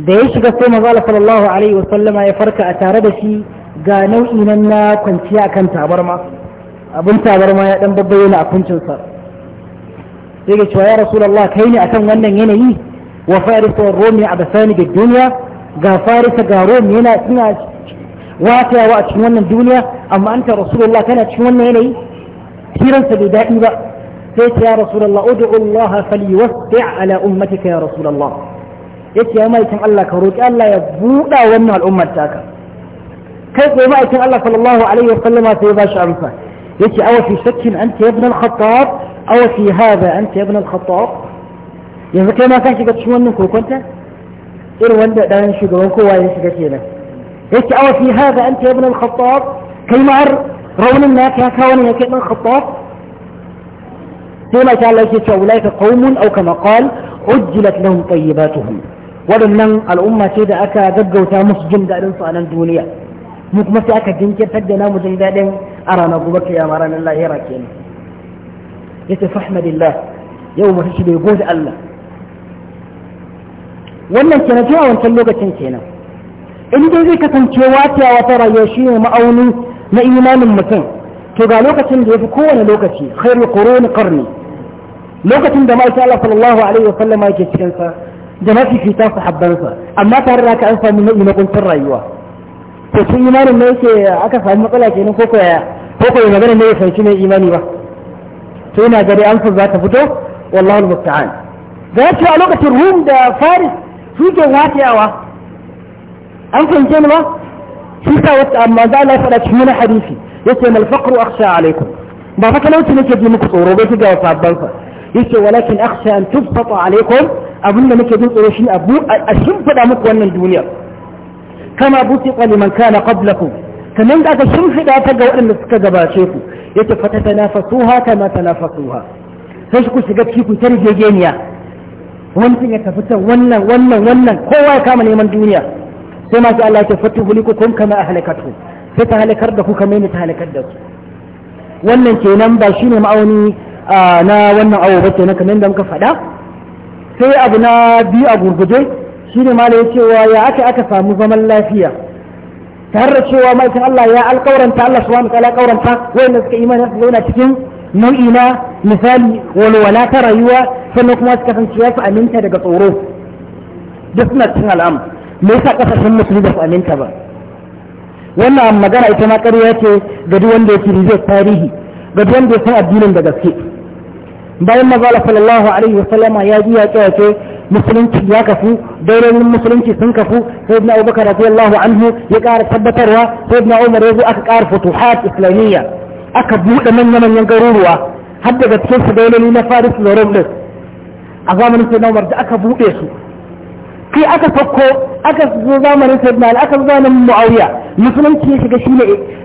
da ya shiga sai maza Allah sallallahu alaihi wa sallama ya farka a tare da shi ga nau'i nan na kwanciya akan tabarma abin tabarma ya dan babbayo na a kuncinsa sai ga cewa ya allah kai ne akan wannan yanayi وفارس الرومي أبسانج الدنيا جا فارس جا روم هنا اتنا واتا واتشنون الدنيا أما أنت رسول الله كان اتشنون إلي كيرا سبدائي بقى سيت يا رسول الله ادعو الله فليوسع على أمتك يا رسول الله إيش يا ما يتم الله كروج ألا يبودا ومن الأمة تاكا كيف ما يتم الله صلى الله عليه وسلم سيباش عرفا يا أو في شك أنت يا ابن الخطاب أو في هذا أنت يا ابن الخطاب yanzu kai ma ka shiga cikin wannan kokonta irin wanda dan shugaban kowa ya shiga kenan yake awa fi hada anta ibn al-khattab kai ma har raunin naka ya kawo ne yake ibn al khattab sai ma ta Allah yake cewa ulaika qaumun aw kama qal ujjilat lahum tayyibatuhum wadannan al'umma ce da aka gaggauta musu jin dadin su a nan duniya mu kuma sai aka jinkirtar da namu jin dadin a ranar gobe kiyama ranar lahira kenan yace fahmadillah yau mu shi bai gode Allah wannan kenan tun a wancan lokacin kenan in dai zai kasance wata wata rayuwa shi ne ma'auni na imanin mutum to ga lokacin da ya fi kowane lokaci khairul karni qarni lokacin da ma'aikata Allah sallallahu alaihi wa sallama yake cikin sa da mafifita sahabbansa amma tare da aka an samu nau'i na kuntun rayuwa to tun imanin ne yake aka sami matsala kenan ko koya ko koya magana ne ya sanci mai imani ba to ina ga dai amsar za ta fito wallahu musta'an da ya ce a lokacin rum da faris su ke watiyawa an fahimce ni ba shi sa wata amma za a faɗa cikin wani hadisi yace mal faqru akhsha alaikum ba fa talauci nake ji muku tsoro ba ga sabban Ya ce walakin akhsha an tufafa alaikum abinda nake jin tsoro shi a shimfida muku wannan duniya kama busiqa liman kana qablakum kaman da aka shimfida ta ga waɗanda suka gabace ku yace fata tanafasuha kama tanafasuha sai ku shiga ciki ku tarjejeniya wancan ya tafi ta wannan wannan wannan kowa ya kama neman duniya sai ma Allah ya tafi hulikukum kama ahlakatu sai ta halakar da ku kamar ta halakar da su wannan kenan ba shine ma'auni na wannan awo ba kenan kamar da muka faɗa sai abu na biyu a gurguje shine ma ya cewa ya aka aka samu zaman lafiya tare da cewa ma'aikin Allah ya alƙawaranta Allah subhanahu wa ta'ala alƙawaranta wanda suka imani su zauna cikin nau'i na misali walwala ta rayuwa sannan kuma su kasance ya su aminta daga tsoro duk suna cin al'am me yasa kasashen musulmi ba su aminta ba wannan magana ita ma ƙarya ce ga duk wanda yake rizar tarihi ga duk wanda ya san addinin da gaske bayan mazala sallallahu alaihi wasallama ya ji ya kyawace musulunci ya kafu daurorin musulunci sun kafu sai ibn abubakar radiyallahu anhu ya ƙara tabbatarwa sai ibn umar ya zo aka ƙara futuhat islamiyya aka buɗe manya-manyan garuruwa har daga cikin su da na faris da romulus a zamanin sai na da aka buɗe su kai aka fakko aka zo zamanin sai na aka zo zamanin mu'awiya musulunci ya shiga shine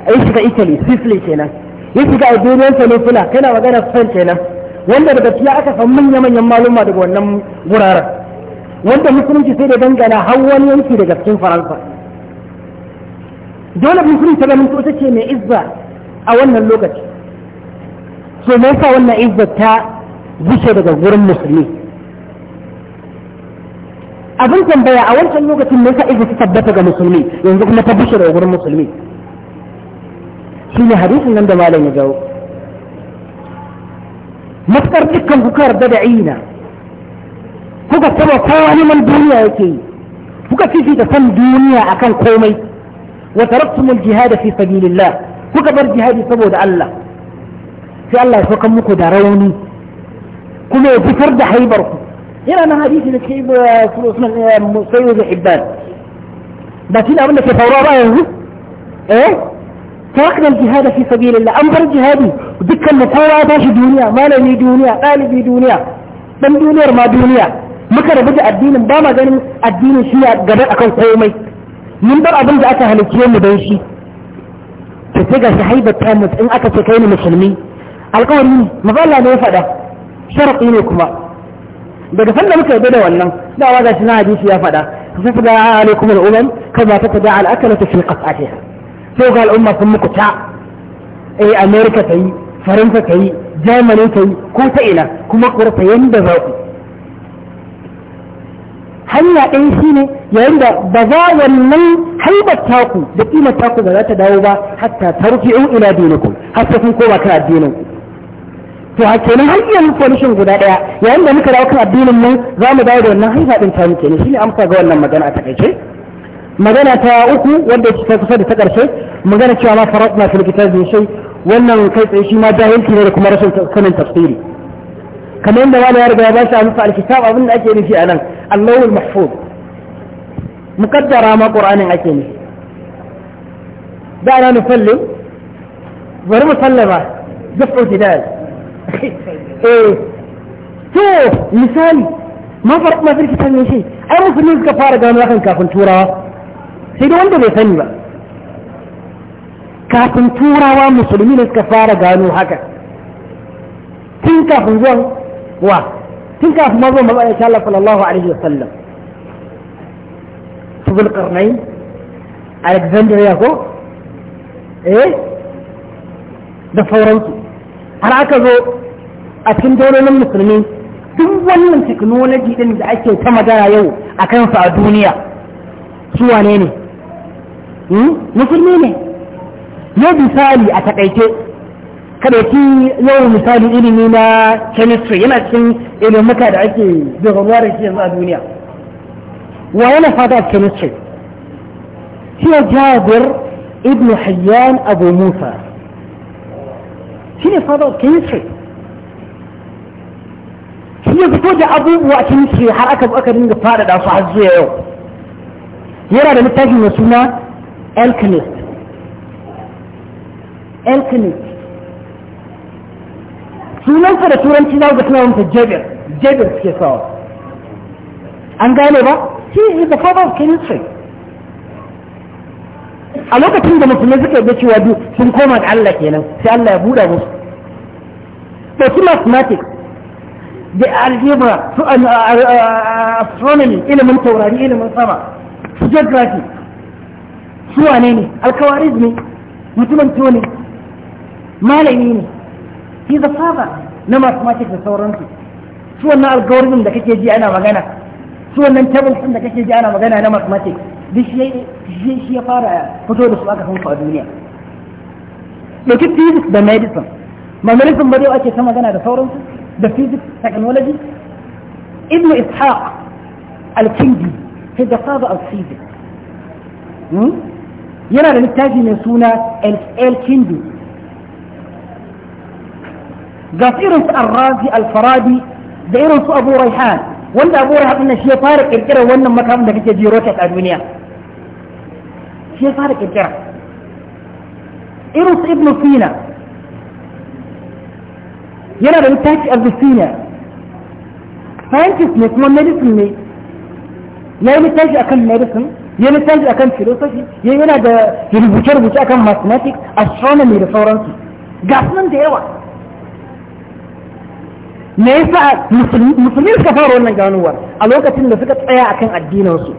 ya shiga italy sicily kenan ya shiga iberian kai na magana spain kenan wanda daga cikin aka samu manya-manyan maluma daga wannan wuraren wanda musulunci sai da dangana har wani yanki daga cikin faransa dole musulunci ta ganin ita ce mai izza a wannan lokaci so me sa wannan izzar ta bushe daga gurin musulmi abin tambaya a wancan lokacin me yasa izzar ta tabbata ga musulmi yanzu kuma ta bushe daga gurin musulmi shi ne hadisin nan da malam ya jawo matukar dukkan kuka yarda da ina kuka saba kowa neman duniya yake yi kuka fifita san duniya akan komai wa taraktumul jihada fi sabilillah kuka bar jihadi saboda Allah sai Allah ya saukan muku da rauni kuma ya fitar da haibarku, yana nan hadisi da ke sayo da ibban ba shi abin da ke faruwa ba yanzu eh tawakkal jihad fi sabilillah an bar jihadi dukkan mu kowa ba shi duniya malami duniya ɗalibi duniya dan duniyar ma duniya muka rabu da addinin ba ma ganin addinin shi ya gaba akan komai mun bar abin da aka halicce mu don shi to sai gashi haibar ta in aka ce kai ne musulmi alƙawari ne mazalla ne ya faɗa sharaɗi ne kuma daga sanda muka yarda da wannan dawa gashi na hadisi ya faɗa sai su da alaikum al'umman kama ta ta da al'akala ta fi ƙasashe sai ga al'umma sun muku ta eh amerika ta yi faransa ta yi germany ta yi ko ta ina kuma ta yanda za ku hanya ɗaya shi ne yayin da ba za wannan haibar taku da ƙimar taku ba za ta dawo ba hatta tarfi in ila dinakum har kun koma kan addinin to a kenan har iya guda ɗaya yayin da muka dawo kan addinin mu za mu dawo da wannan haifa ɗin tamu kenan shi ne amsa ga wannan magana a takaice magana ta uku wanda ta kusa da ta ƙarshe magana cewa ma farat na fil kitabi wannan kai tsaye shi ma jahilci ne da kuma rashin sanin tafsiri kamar yadda wani ya riga ya bashi amsa alkitab abin da ake nufi a nan allahul mahfuz muqaddara ma qur'anin ake nufi da na nufallin bari mu sallama dafu jidal eh to misali ma farko ma firki san shi ai musulmi suka fara gano hakan kafin turawa sai da wanda bai sani ba kafin turawa musulmi ne suka fara gano haka tun kafin zuwan wa tun kafin mazo mazo ya Allah sallallahu alaihi wasallam tubul qarnain alexandria ko eh da sauransu har aka zo a cikin dalolin musulmi duk wannan teknoloji din da ake ta magana yau a kansa a duniya su wane ne hmm? musulmi ne ne misali a takaice ka ɗauki yawan misali ilimi na chemistry yana cikin ilimuka da ake zirgarwa da shi yanzu a duniya wa yana fata a chemistry shi ne jabir ibn hayyan abu musa shi ne fata a chemistry shi ne fito da abubuwa a chemistry har aka aka dinga faɗaɗa su har zuwa yau yana da littafi mai suna alchemist alchemist sunansa da turanci za ga suna masa jabir jabir suke sawa an gane ba he is ba suke of sai a lokacin da musulmai suka yi cewa duk sun koma da Allah kenan sai Allah ya buɗa musu su mathematics da algebra su uh, uh, uh, astronomy ilimin taurari ilimin sama su geography su wane ne alkawarizmi mutumin ne malami ne he's a father na mathematics da sauransu su wannan algorithm da kake ji ana magana su wannan table din da kake ji ana magana na mathematics duk shi shi ya fara fito da su aka san a duniya dauki physics da medicine ma medicine ba dai ake ta magana da sauransu da physics technology ibnu ishaq al-kindi he's the father of physics yana da littafi mai suna el-kindi ga irin su arrazi alfaradi da irin su abu raihan wanda abu raihan na shi ya fara ƙirƙirar wannan makamin da kake ji rocket a duniya shi ya fara kirkira irin su ibn sina yana da littafi abu sina scientist ne kuma medicine ne ya yi littafi akan medicine ya yi littafi akan philosophy ya yana da rubuce-rubuce akan mathematics astronomy da sauransu ga nan da yawa me yasa musulmi suka fara wannan ganuwar a lokacin da suka tsaya akan addininsu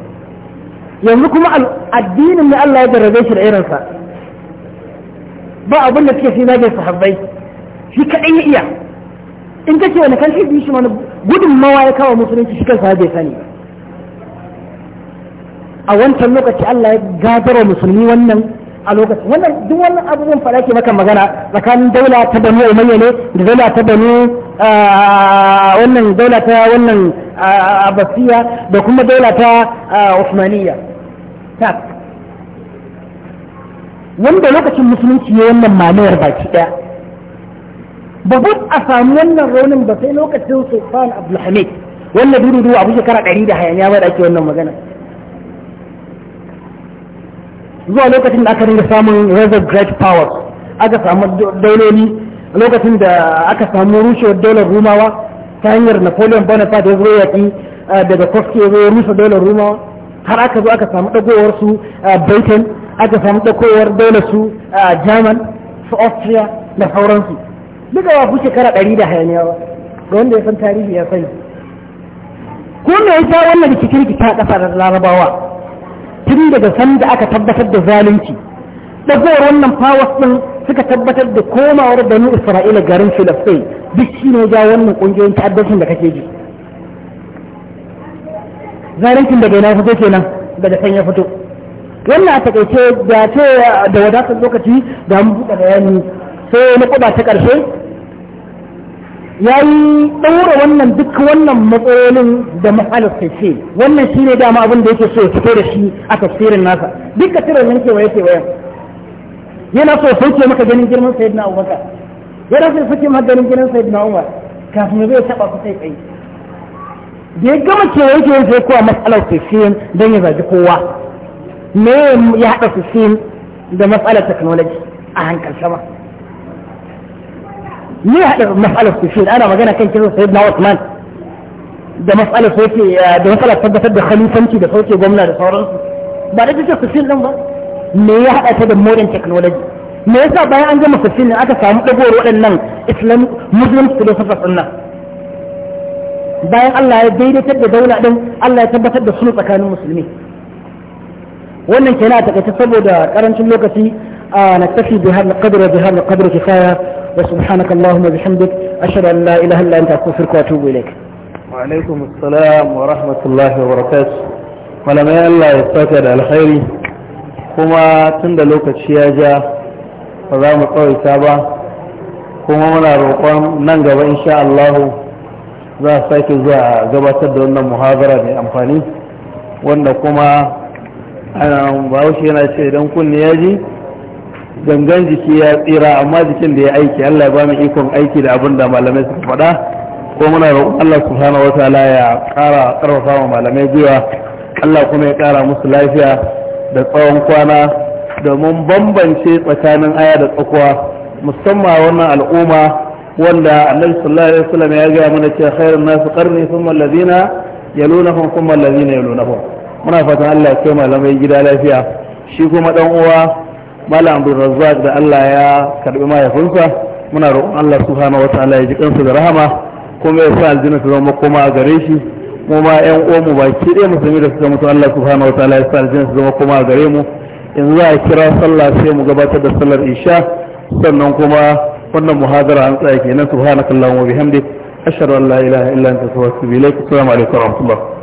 yanzu kuma addinin ne Allah ya jarrabe shi da irinsa ba abin da suke fi zage sahabbai shi kaɗai ya iya in ka ce wani kan shi shi wani gudunmawa ya kawo musulunci shi kansa bai sani a wancan lokaci Allah ya gadarwa musulmi wannan a lokacin wannan duk wannan abubuwan faɗa ke maka magana tsakanin daula ta banu umayya ne da daula ta banu wannan daula ta wannan abbasiya da kuma daula ta usmaniya ta wanda lokacin musulunci ya wannan mamayar baki ɗaya, ba ku a samu wannan raunin ba sai lokacin sultan abdulhamid wannan dududu abu shekara ɗari da hayaniya ba da ake wannan magana zuwa lokacin da aka ringa samun reserve great powers aka samu dauloli lokacin da aka samu rushewar daular rumawa ta hanyar napoleon bonaparte ya zo yaƙi daga kofi ya zo rusa daular rumawa har aka zo aka samu dagowar su britain aka samu ɗagowar daular su german su austria da sauransu duka wa ku shekara ɗari da hayaniya ba ga wanda ya san tarihi ya sani ko me ya ja wannan rikici ta da larabawa tun daga sanda aka tabbatar da zalunci dagowar wannan powers ɗin suka tabbatar da komawar banu isra'ila garin filistin duk shi ne ja wannan ƙungiyoyin ta'addashin da kake ji da bai na fito kenan daga can ya fito wannan a takaice da ce da wadatar lokaci da mu buɗe bayani sai na kuɗa ta ƙarshe ya yi ɗaura wannan duk wannan matsalolin da mahalar sai wannan shi ne dama abin da yake so ya fito da shi a tafsirin nasa duk ka cire nan kewaye kewayen yana so fice maka ganin girman sayyidina Abubakar yana so fice maka ganin girman sayyidina Umar kafin zai taba ku sai kai da ya gama kewaye kewaye sai kowa matsalar fifin don ya zagi kowa me ya haɗa fifin da matsalar technology a hankal sama me ya haɗa matsalar fifin ana magana kan kiran sayyidina na Usman da matsalar sauke da matsalar tabbatar da khalifanci da sauke gwamna da sauransu ba da kike fifin din ba me ya haɗa ta da modern technology me yasa bayan an gama fulfilin aka samu ɗagowar waɗannan islam muslim philosophers ɗin nan bayan Allah ya daidaitar da daula ɗin Allah ya tabbatar da sulhu tsakanin musulmi wannan kenan a takaice saboda karancin lokaci a na naktafi bihar na kadar bihar na kadar kifaya wa subhanaka allahumma bihamdik ashhadu an la ilaha illa anta astaghfiruka wa atubu ilayk wa alaikum assalam wa rahmatullahi wa barakatuh malamai Allah ya saka da alkhairi kuma tun da lokaci ya ja ba za mu tsawaita ba kuma muna roƙon nan gaba insha Allahu za a sake zuwa gabatar da wannan muhazara mai amfani wanda kuma um, bahaushe yana ce idan kunni ya ji gangan jiki ya tsira amma jikin da ya aiki Allah ya ba ikon aiki da abin da malamai suka faɗa ko muna roƙon Allah subhanahu wataala ya ƙara ƙarfafa wa malamai gwiwa Allah kuma ya ƙara musu lafiya da tsawon kwana da mun bambance tsakanin aya da tsakuwa musamman wannan al'umma wanda annabi sallallahu alaihi wasallam ya ga mana cewa khairun nas qarni thumma alladhina yalunahum thumma alladhina yalunahum muna fatan Allah ya kai malamai gida lafiya shi kuma dan uwa malam bin Razzaq da Allah ya karbi mahaifinsa muna roƙon Allah subhanahu wataala ya ji kansa da rahama kuma ya sa aljanna ta zama koma gare shi mu ma yan uwan mu baki ɗaya musulmi da su zama mutu Allah subhanahu wa ta'ala ya sa aljanna su zama kuma a gare mu yanzu za a kira sallah sai mu gabatar da sallar isha sannan kuma wannan muhadara an tsaya kenan subhanakallahumma wa bihamdik ashhadu an la ilaha illa anta astaghfiruka wa atubu ilaik assalamu alaikum wa rahmatullah